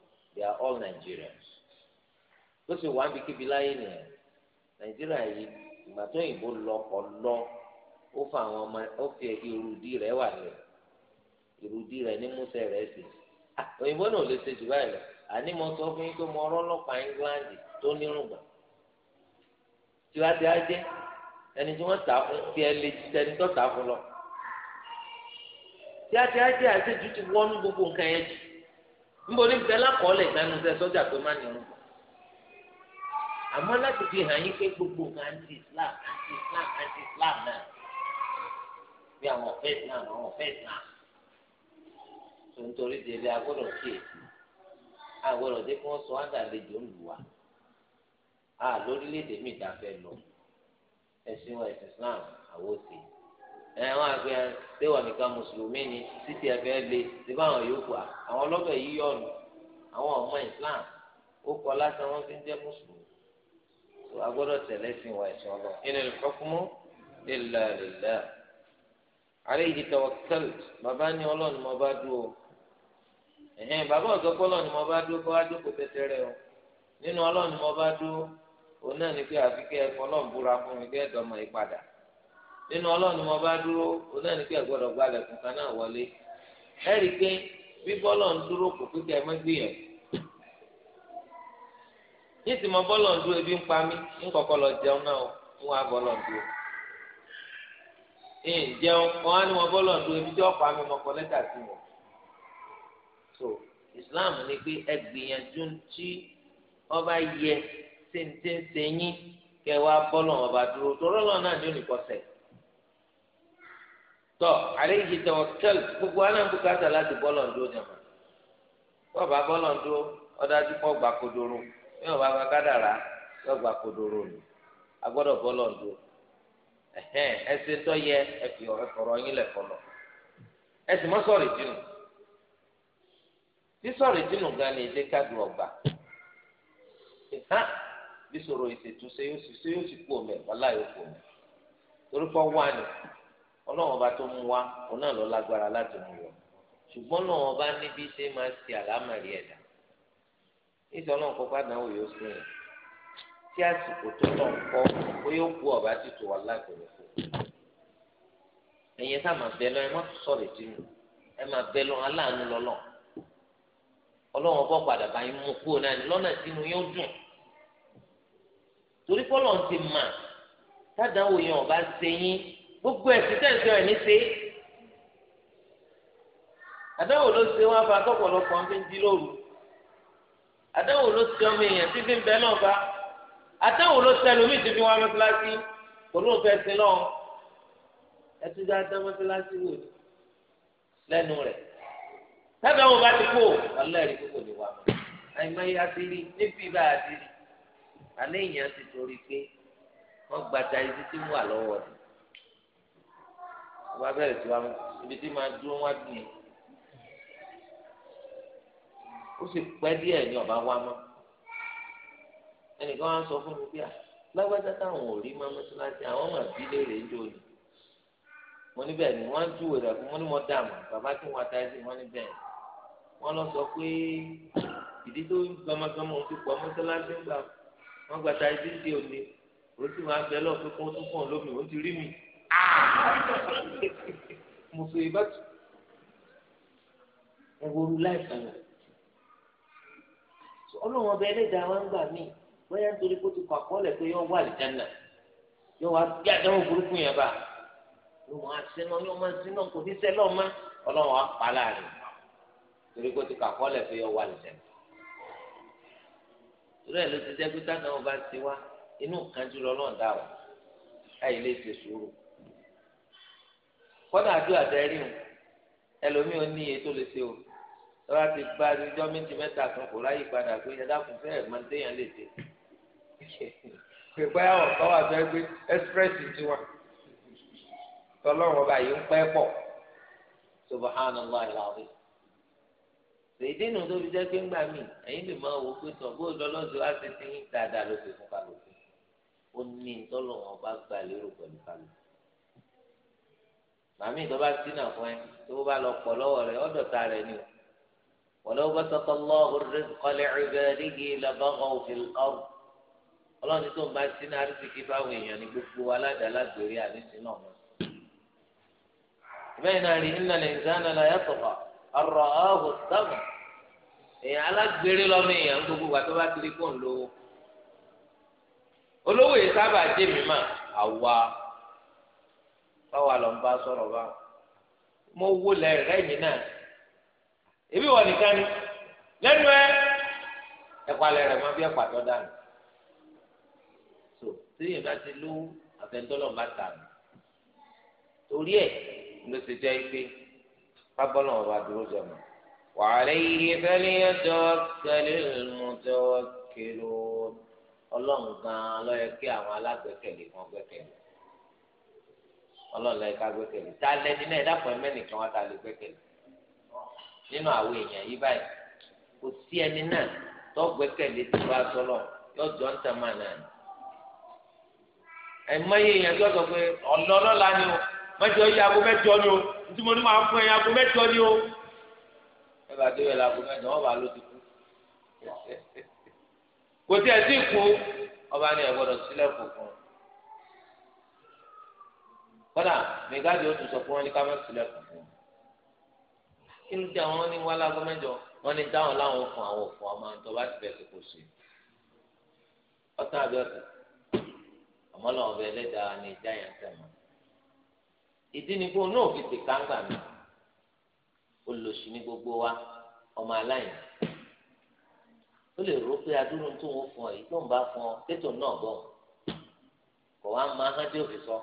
they are all Nigerians tó wa wá bíkíbi láyé nìyẹn Nàìjíríà yìí ìgbà tó òyìnbó lọ kọ lọ ó fa àwọn ọmọ ó fi ìrùdí re wà lẹ ìrùdí rẹ̀ ní músẹ rẹ̀ sí ah, òyìnbó náà lè ṣe jù báyìí lọ àní mo sọ fún yín England tó nírùngbà tí wàá ti á jẹ ẹni tí wọ́n tà fún tẹni tó tà lọ tí wàá ti á jẹ ti wọnú gbogbo nǹkan yẹn jù. nbọdé bẹ lakọọlẹ ìdánù sẹ sọjà pé má nìyẹn àmọ́ láti fi hàn yín pé gbogbo anti islam anti islam anti islam náà bí àwọn ọ̀fẹ́ islam àwọn ọ̀fẹ́ islam tó ń torí délé agbọ́dọ̀ kíyèsí agbọ́dọ̀ dé kí wọ́n sọ àgbàlejò ń lù wá a lórílẹ̀ mi ìdáfẹ́ lọ ẹ̀sìn wọn ẹ̀sìn islam àwọn òsè ẹ wọn àgbẹ tẹwà nìkan mùsùlùmí ni títí ẹfẹ lé síbá àwọn yòókù à àwọn ọlọ́bẹ̀ yìí yọ̀nù àwọn ọmọ islam ó kọ lásán wọn fi ń jẹ mùsùlùmí tó a gbọ́dọ̀ tẹ̀lé sin wa ẹ̀sìn ọlọ. inal hukmu illa lillah alayhi tawakkalt bàbá ní ọlọ́ọ̀ni mo bá dúró ẹ̀hìn bàbá ọ̀sọ́kọ́ ọlọ́ọ̀ni mo bá dúró kọ́ adókò tẹ́tẹ́rẹ́ o nínú ọlọ́ọ̀ni mo bá dúró òun náà ní pé àfikẹ́ ẹ̀fọ́ náà búra fún mi kẹ́ ẹ̀dọ́mọ yìí padà nínú ọlọ́run ni mo bá dúró onáà ní kí ẹ gba ẹ̀kún kan náà wọlé ẹ rí i pé bí bọ́lọ̀ ń dúró kò ẹ má gbìyànjú mọ bọ́lọ̀ ń dúró ebi ń pa mí lọ jẹun náà ń wá bọ́lọ̀ ń dúró ń jẹun mọ bọ́lọ̀ ń ebi tí so Islam ni pé ẹ gbìyànjú tí ọba yẹ wá bọ́lọ̀ ọba dúró náà tọ́ àlejò tẹ̀wọ̀tẹ́l gbogbo aná bùkátà láti bọ́lọ̀ ń dúró jàmọ́ bá bọ́lọ̀ ń dúró ọ̀dà gbà kodoro bí bá gbà kodoro yẹ yín ìdínú tí ìdínú gan ni kájú ọgbà bí ìṣètúnṣe yóò sì kú yóò kú torí ọlọ́run ọba tó mú wa òun náà lọ lágbára láti mú yọ ṣùgbọ́n lọ́wọ́ ọba níbi ṣe máa ṣe àlámàrí ẹ̀dá níṣẹ́ ọlọ́run kọ́ gbádùn àwọn yóò sún yẹn tí àsìkò tó lọ ń kọ́ ó yóò kú ọba títù wà lágbèrè fún ẹ̀yẹ sáà máa bẹ lọ ẹ má tún sọ̀rọ̀ ìdínú ẹ máa bẹ lọ aláàánú lọ́lọ́ ọlọ́run ọba padà bá yín mú kúrò náà lọ́nà tínú yóò dùn torí pọ́lọ́run gbogbo ẹ̀sìn tẹ̀sí ẹ̀ ní ṣe àdáwò ló ṣe wọn fa tọ̀pọ̀lọpọ̀ ń fi ń di lóru àdáwò ló ṣe ọmọ èèyàn tí fi ń bẹ náà fa àdáwò ló ṣe ẹlòmíì tí fi wọn mọ́tíláṣí kò ló ń fẹ́ sin náà ẹtú dá dá mọ́tíláṣí wò lẹ́nu rẹ̀ tábìlì àwọn bá ti kó ọlọ́ọ̀rì kókò ní wà mọ́ àìmọ́ ya ti rí níbi ìbá àti rí àléèyàn ti torí pé wọ́n gbàtà ibi tí wọ́n wà lọ́wọ́ rẹ̀ wọ́n abẹ́rẹ́ tí wọ́n ibi tí máa dúró wá dùn yẹn ó sì pẹ́ díẹ̀ ní ọba wa mọ́ ẹnìkan wá ń sọ fún mi bí i lágbájá táwọn ò rí máa mọ́sálásí àwọn máa bí léèrè ń jòlè mo níbẹ̀ ni wọ́n ń júwèé rẹ̀ fún mo ní mo dà mọ́ bàbá tí wọ́n táyé sí wọ́n níbẹ̀ wọ́n lọ sọ pé ìdí tó gbọmọgbọmọ ń fi pọ̀ mọ́sálásí ń gbà wọ́n gbàtà ìdí tí ò ní o sì máa bẹ lọ́ọ̀ pé kó tún fún ọ lómi o ti rí mi mùsùlùmí ẹwọ́rú láìpẹ́ rẹ̀ ọlọ́run ọba ẹlẹ́dàá wa ń gbà mí bóyá nítorí kó ti kọ àkọọ́lẹ̀ pé yọ wà lìjánà yọ wà bí àdáhùn burúkú yẹn bá yọ wọn àṣìná yọ wọn àṣìná kò ní sẹ́lọ̀ mọ́ ọlọ́run wa pa láàrin nítorí kó ti kọ àkọọ́lẹ̀ pé yọ wà lìjánà ìrẹ́ ló ti dẹ́gbẹ́ta náà bá ti wá inú kan jùlọ lọ́ọ̀dà wa lè ṣe sùúrù kọ́nà àdúrà àdáyé o ẹlòmíì ò ní iye tó lè ṣe o lọ́wọ́ ti bá ijọ́ méjì mẹ́ta kan kò ráyè padà pé ẹ dákun fẹ́ ẹ̀ máa ń téèyàn lè ṣe pé báyà ọ̀kan wà fẹ́ gbé express ti wà tọ́lọ́run ọba yìí ń pẹ́ pọ̀ subhanallah alazim èdè nù tó fi pé ńgbà míì ẹ̀yin lè máa wò pé tàn bó lọ́lọ́dún á ti ti ń dáadáa ló fún kálukú ó ní tọ́lọ́run ọba gbà lérò pẹ̀lú kálukú màmí ìtọ́ bá dínà fún ẹ tó bá lọ pọ̀ lọ́wọ́ rẹ ọ̀dọ̀ta rẹ ni o. wọ́lọ́wọ́ bá sọ́kọ́ lọ́hùn rizq li'ibadihi labaghaw fil ard. ọlọ́run tó ń bá sínú àrísìkí fáwọn èèyàn ní gbogbo aládàlágbèrè àdísì náà mọ́. bẹ́ẹ̀ náà rí iná lè dáná la yàtọ̀fà ọ̀rọ̀ ọ̀hún sábà. èèyàn alágbèrè lọ́mọ báwa lọ ń bá sọ̀rọ̀ bá mo wó lẹ rẹ́yìn náà ebi wọ nìkan ni lẹ́nu ẹ ẹ̀pàlẹ̀ rẹ̀ máa bí ẹ̀pàtọ́ dànù so tíyẹn bá ti lú àtẹ̀ńtọ́lọ̀ bá tà mí torí ẹ̀ ló ti jẹ́ pé pábọ́lọ̀ ọba dúró jẹ mọ́ wàhálà iye fẹ́lẹ́ ẹjọ́ tẹ̀lé ìmọ̀tẹ́wọ́ kiri ọlọ́run gan-an ló kí àwọn alágbẹ̀kẹ̀lé kan gbẹ̀kẹ̀lé ọlọ́ọ̀lá ẹ̀ka gbẹ́kẹ̀lé tá a lẹ́ni náà ẹ̀dá pọ̀ mẹ́nìkan wá tá a lè gbẹ́kẹ̀lé nínú àwọn èèyàn yìí báyìí kò sí ẹni náà tó gbẹ́kẹ̀lé tó bá sọ́lọ̀ yóò jọ ń tàn máa nàní. ẹ̀mọ́ yìí èèyàn tó sọ pé ọ̀lọ́ ọlọ́la ni o mẹ́jọ yìí aago mẹ́jọ ni o ntí mo ní máa fún ẹ̀yìn aago mẹ́jọ ni o. ẹ bá dé ìwẹ̀lẹ̀ aago mẹ́jọ wọn bá ló ti kú. kò tí ẹ ti kú ọba ni ẹ gbọ́dọ̀ sílẹ̀ kò kọ́dà mẹgáàdì ó tún sọ fún wọn ní ká má sílẹ̀ kù fún wọn. kí ló dé àwọn ní wọn lágọ́ mẹ́jọ wọn ní dáhùn láwọn fún àwọn òfin ọmọ tó bá ti bẹ̀rẹ̀ kó sí i. ọ̀tá àbí ọ̀tá ọmọ lọ́wọ́ bẹ lẹ́dàá ní ìjà yẹn tẹ̀ mọ́. ìdí ni kó náà fi tìka ń gbà mí olùsí ní gbogbo wa ọmọ aláìní ó lè rò pé adúrú tó ń fún ọ yìí tó ń bá fún ọ tètò náà bọ̀ kò wá máa hán tí ó sọ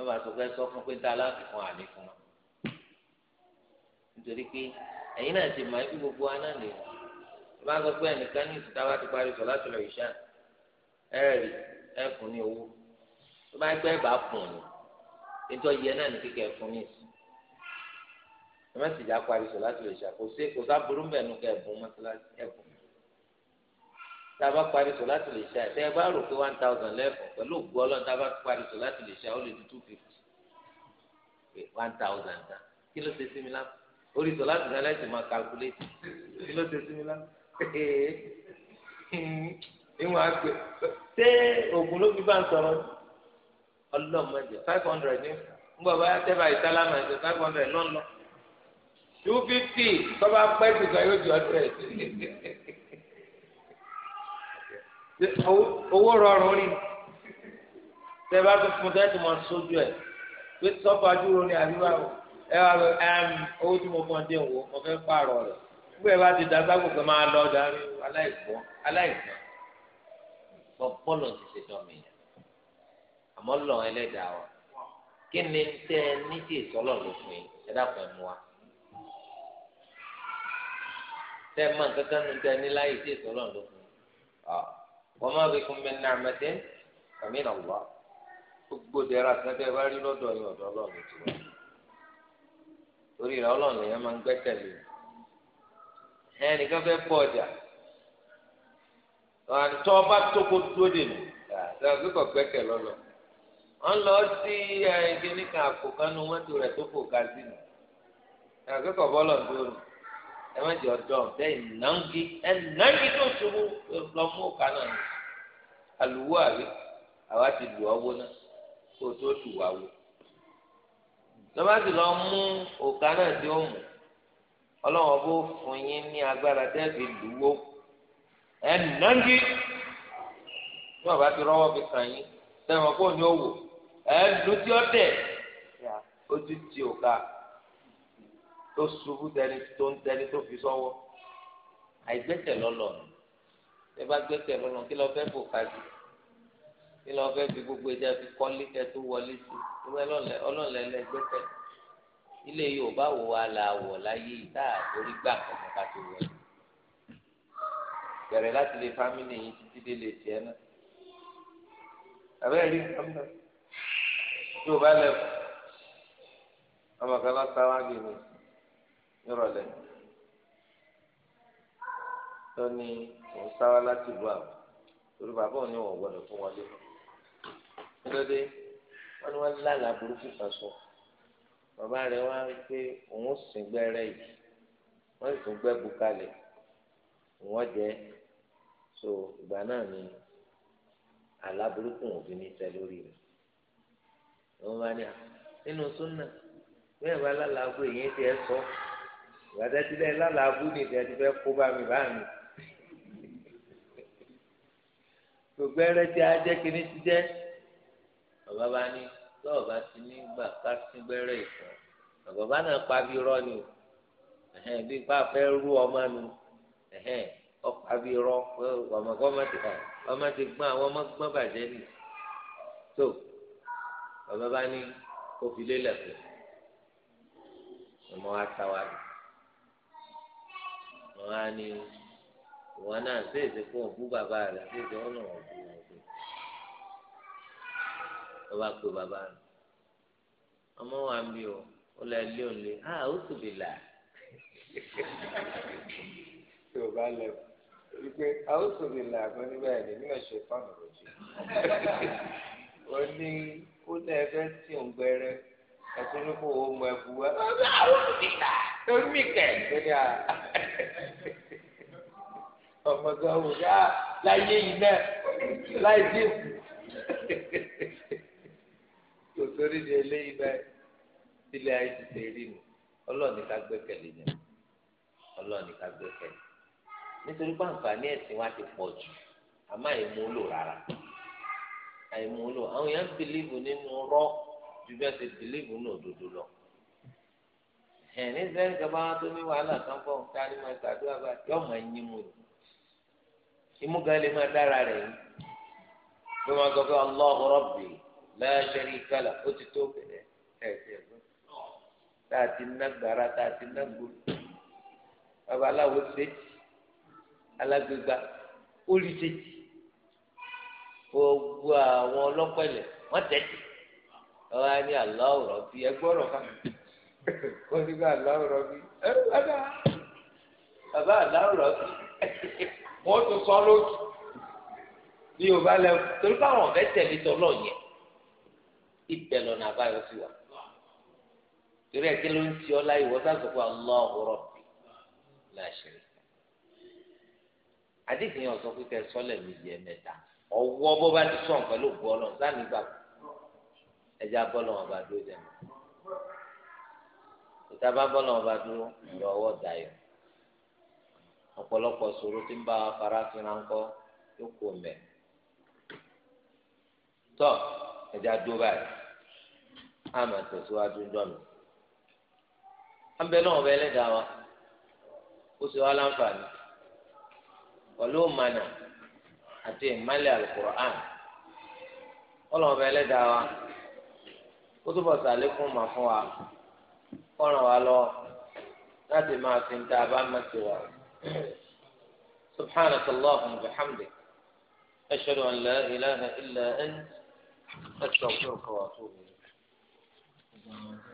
yóò bá sọ pé sọ fún pé dá láti fún àní fún wa nítorí pé ẹ̀yin náà ti mọ ẹbí gbogbo wa náà lè wọ́n bá sọ pé ẹnìkan ní ìsìta wa ti parí sọ láti lọ ìṣá ẹ̀rì ẹ̀fún ní owó tó bá gbẹ́ bá fún un nítorí yẹ náà ní kíkẹ́ fún ní ìsìn ẹ má parí sọ láti lọ ìṣá kò sí kò sábúrú mbẹ́nu kẹ́ ẹ̀bùn mọ́tíláṣí ẹ̀bùn tá a bá parí sọ láti lè ṣá tẹ ẹ bá rò pé one thousand lẹ́fọ̀ pẹ̀lú ògbó ọlọ́run tá a bá láti lè ṣá ó lè di two fifty pé one thousand dá kí ló ṣe sí mi lápò orí sọ láti náà lẹ́sìn máa calculate kí ló ṣe sí mi lápò ìwọ̀n àgbẹ̀ ṣé oògùn ló fi bá ń sọ̀rọ̀ ọlọ́mọdé five hundred ní ngbọ̀ tẹ́fà ìsálámà ẹ̀sẹ̀ five hundred lọ́nà two fifty tọ́ba pẹ́ ti yóò ju ọdún owó rọrùn rí tẹ bá tó fún tẹ tó mọ sójú ẹ pé sọfà dúró ní àríwá ẹ wá lọ owó tí mo fọn dé wò mo fẹ́ pààrọ̀ rẹ̀ gbogbo ẹ bá ti dàgbà gbogbo máa lọ darí aláìgbọ́n aláìgbọ́n bọlọ ti ṣe dọmi yẹn àmọ́ lọ Ẹlẹ́dàá wa kí ni tẹ ẹ ní tí ìsọlọ ló fún yín ẹ dàpọ̀ ẹ mú wa tẹ mọ nǹkan kan tẹ ẹ tí ìsọlọ ló fún yín. Ah wọ́n má bí kún mi ní àmẹ́tẹ́ kàmí nà wá gbogbo dẹ́ra sẹ́tẹ́ bá rí lọ́dọ̀ yìí ọ̀dọ̀ ọlọ́run ti wá torí rẹ̀ ọlọ́run yẹn máa ń gbẹ́kẹ̀lé ẹnìkan fẹ́ pọ̀ ọjà àtọ́ bá tókò dúró dènù àti kò gbẹ́kẹ̀ lọ́lọ́ wọ́n lọ sí ẹ̀ẹ́dínníkan àpò kanú mọ́tò rẹ̀ tó fò ká sínú àti kò bọ́lọ̀ dúró nù ẹ má jẹ ọ̀dọ́ bẹ́ẹ̀ nàngi ẹ nàngi tó ṣubú lọ mú òkà náà àlùwò àrí àwa ti lù ọwọ́ náà kó o tó tù wá wò tọ́ba sì lọ mú òkà náà tí ó mú ọlọ́wọ́n bó fún yín ní agbára tẹ́ẹ̀fì lùwọ́ ẹ nàngi tí wọn bá ti rọwọ́ fi kàn yín sẹ́wọ̀n kó ní òwò ẹ lùtí ọ̀tẹ̀ ojú ti òkà tó ṣubú dẹni tó ń dẹni tó fi sọ́wọ́ àìgbẹ́kẹ̀ lọ́lọ́ ni ẹ bá gbẹ́kẹ̀ lọ́lọ́ kí lọ fẹ́ bò kájú kí lọ fẹ́ fi gbogbo ẹja fi kọ́lé kẹ tó wọlé sí ìwé ọlọ́ọ̀lẹ́ lẹ gbẹ́kẹ̀ ilé Yorùbá wo wa la wọ̀ láyé ìta àtòrí gbà kọ̀ọ̀kan ká tó wọlé bẹ̀rẹ̀ láti lè fámìlì yìí títí dé lè tiẹ̀ náà àbẹ́rẹ́ rí nǹkan mọ́ tó o bá lẹ̀ ọmọ kan lọ sáwá bí mi nírọ̀lẹ́ tó ní òun sáwá láti lu àwọn torí bàbá òun ní wọn gbọ́dọ̀ fún wọlé nítorí wọn ni wọn lálàá burúkú kan sọ bàbá rẹ wá ń pé òun sìn gbẹrẹ yìí wọn sì tún gbẹ bukalẹ wọn jẹ so ìgbà náà ni àlá burúkú òbí ní tẹ lórí rẹ wọn bá ní à nínú súnà bẹ́ẹ̀ bá lálàá gbé èyí tí ẹ sọ ìbàdàn ti bẹ́ẹ̀ lálàá abú ni ìdí àti bẹ́ẹ̀ kó bá mi bá mi. gbogbo ẹrẹ tí a jẹ́ kíní ti jẹ́ bàbá bá ní lọ́wọ́ bá ti ní gbà ká sí gbẹ́rẹ́ ìfọ̀ bàbá bá náà pa bí rọ́ ni o bí bá fẹ́ rú ọmọ nu ọ̀pá bí rọ́ ọmọ ti gbọ́n àwọn ọmọ gbọ́n bàjẹ́ nì tó bàbá bá ní kó fi lélẹ̀ pé ọmọ wa ta wa dùn wọn á ní ìwọ náà ṣe èsì fún òbú bàbá rẹ ṣe èsì ọ̀nà òbú òbú ló bá pe bàbá rẹ ọmọ wa ń bí o ó lọ ilé òǹlé a ó sì lè là tí bá lẹ wípé a ó sì lè là gan níbẹ̀ ni nígbà ṣe fáwọn òjò ó ní ó lẹ ẹgbẹ́ tí òun gbẹrẹ ẹtún kó o mọ ẹbú wa ó ní a ó lè là torí mi kẹ̀ lórí à ọmọ gan wò dá láyé yìí náà láì dé kò sórí ni eléyìí náà ilé ayé ti ṣe rí nu ọlọ́ọ̀ni ká gbẹ́kẹ̀lé ni ọlọ́ọ̀ni ká gbẹ́kẹ̀lé nítorí pé àǹfààní ẹ̀sìn wa ti pọ̀ jù àmọ́ àìmúlò rárá àìmúlò àwọn èèyàn bìlíìfù nínú rọ́ ju bí wọ́n ṣe bìlíìfù nínú òdodo lọ ẹ̀ ní sẹ́yìn kan bá tó ní wàhálà kan bọ̀ ká ní máa gbàdúrà bá yọ ọmọ ẹ̀yìn mu rẹ̀ imú gan lè máa dára rẹ̀ yìí bí wọ́n sọ pé Allahu Rabbi la sharika lah ó ti tó bẹ̀rẹ̀ ẹ̀ ẹ̀ tá a ti ná gbàrà tá a ti ná gbòòrò babaláwo ṣèjì alágbègbà olè ṣèjì gbogbo àwọn ọlọ́pẹ̀lẹ̀ wọ́n tẹ̀jì ọ̀hání aláwòrán fi ẹgbọ́rọ̀ fáwọn ó ní bá aláwòrán bí ẹ bàbá bàbá aláwòrán bí wọ́n tún sọ lójú ní yorùbá lẹ́wọ̀ torí báwọn ọ̀fẹ́ tẹ̀lé tọ́lọ̀ yẹn ibẹ̀ lọ́nà àbáyọ sí wa torí ẹ̀ kí ló ń ti ọ́ láyé wọ́n sá sọ pé Allahu Rabbi àdéhùn yẹn sọ pé kẹ́ mi yẹ mẹ́ta ọwọ́ bó bá ti sọ̀ pẹ̀lú bọ́ọ̀lù sáà nígbà ẹja bọ́ọ̀lù wọn bá dúró jẹ́ tòtá bá bọ́lọ̀ ọba dúró ìlú ọwọ́ dayọ̀ ọ̀pọ̀lọpọ̀ sọ̀rọ̀ tí ń bá afárá fínra yóò kó mẹ́ tọ́ ẹja dó báyìí á máa tẹ̀síwájú jọ̀nù ábẹ́ náà ọba ẹlẹ́dàá wa ó sì wá láǹfààní pẹ̀lú àti ìmálẹ̀ wa ó túbọ̀ sàlékún mà fún wa. kọ́ràn wa lọ láti máa fi ń dábàá àbá ti wà. سبحانك اللهم وبحمدك أشهد أن لا إله إلا أنت أستغفرك وأتوب إليك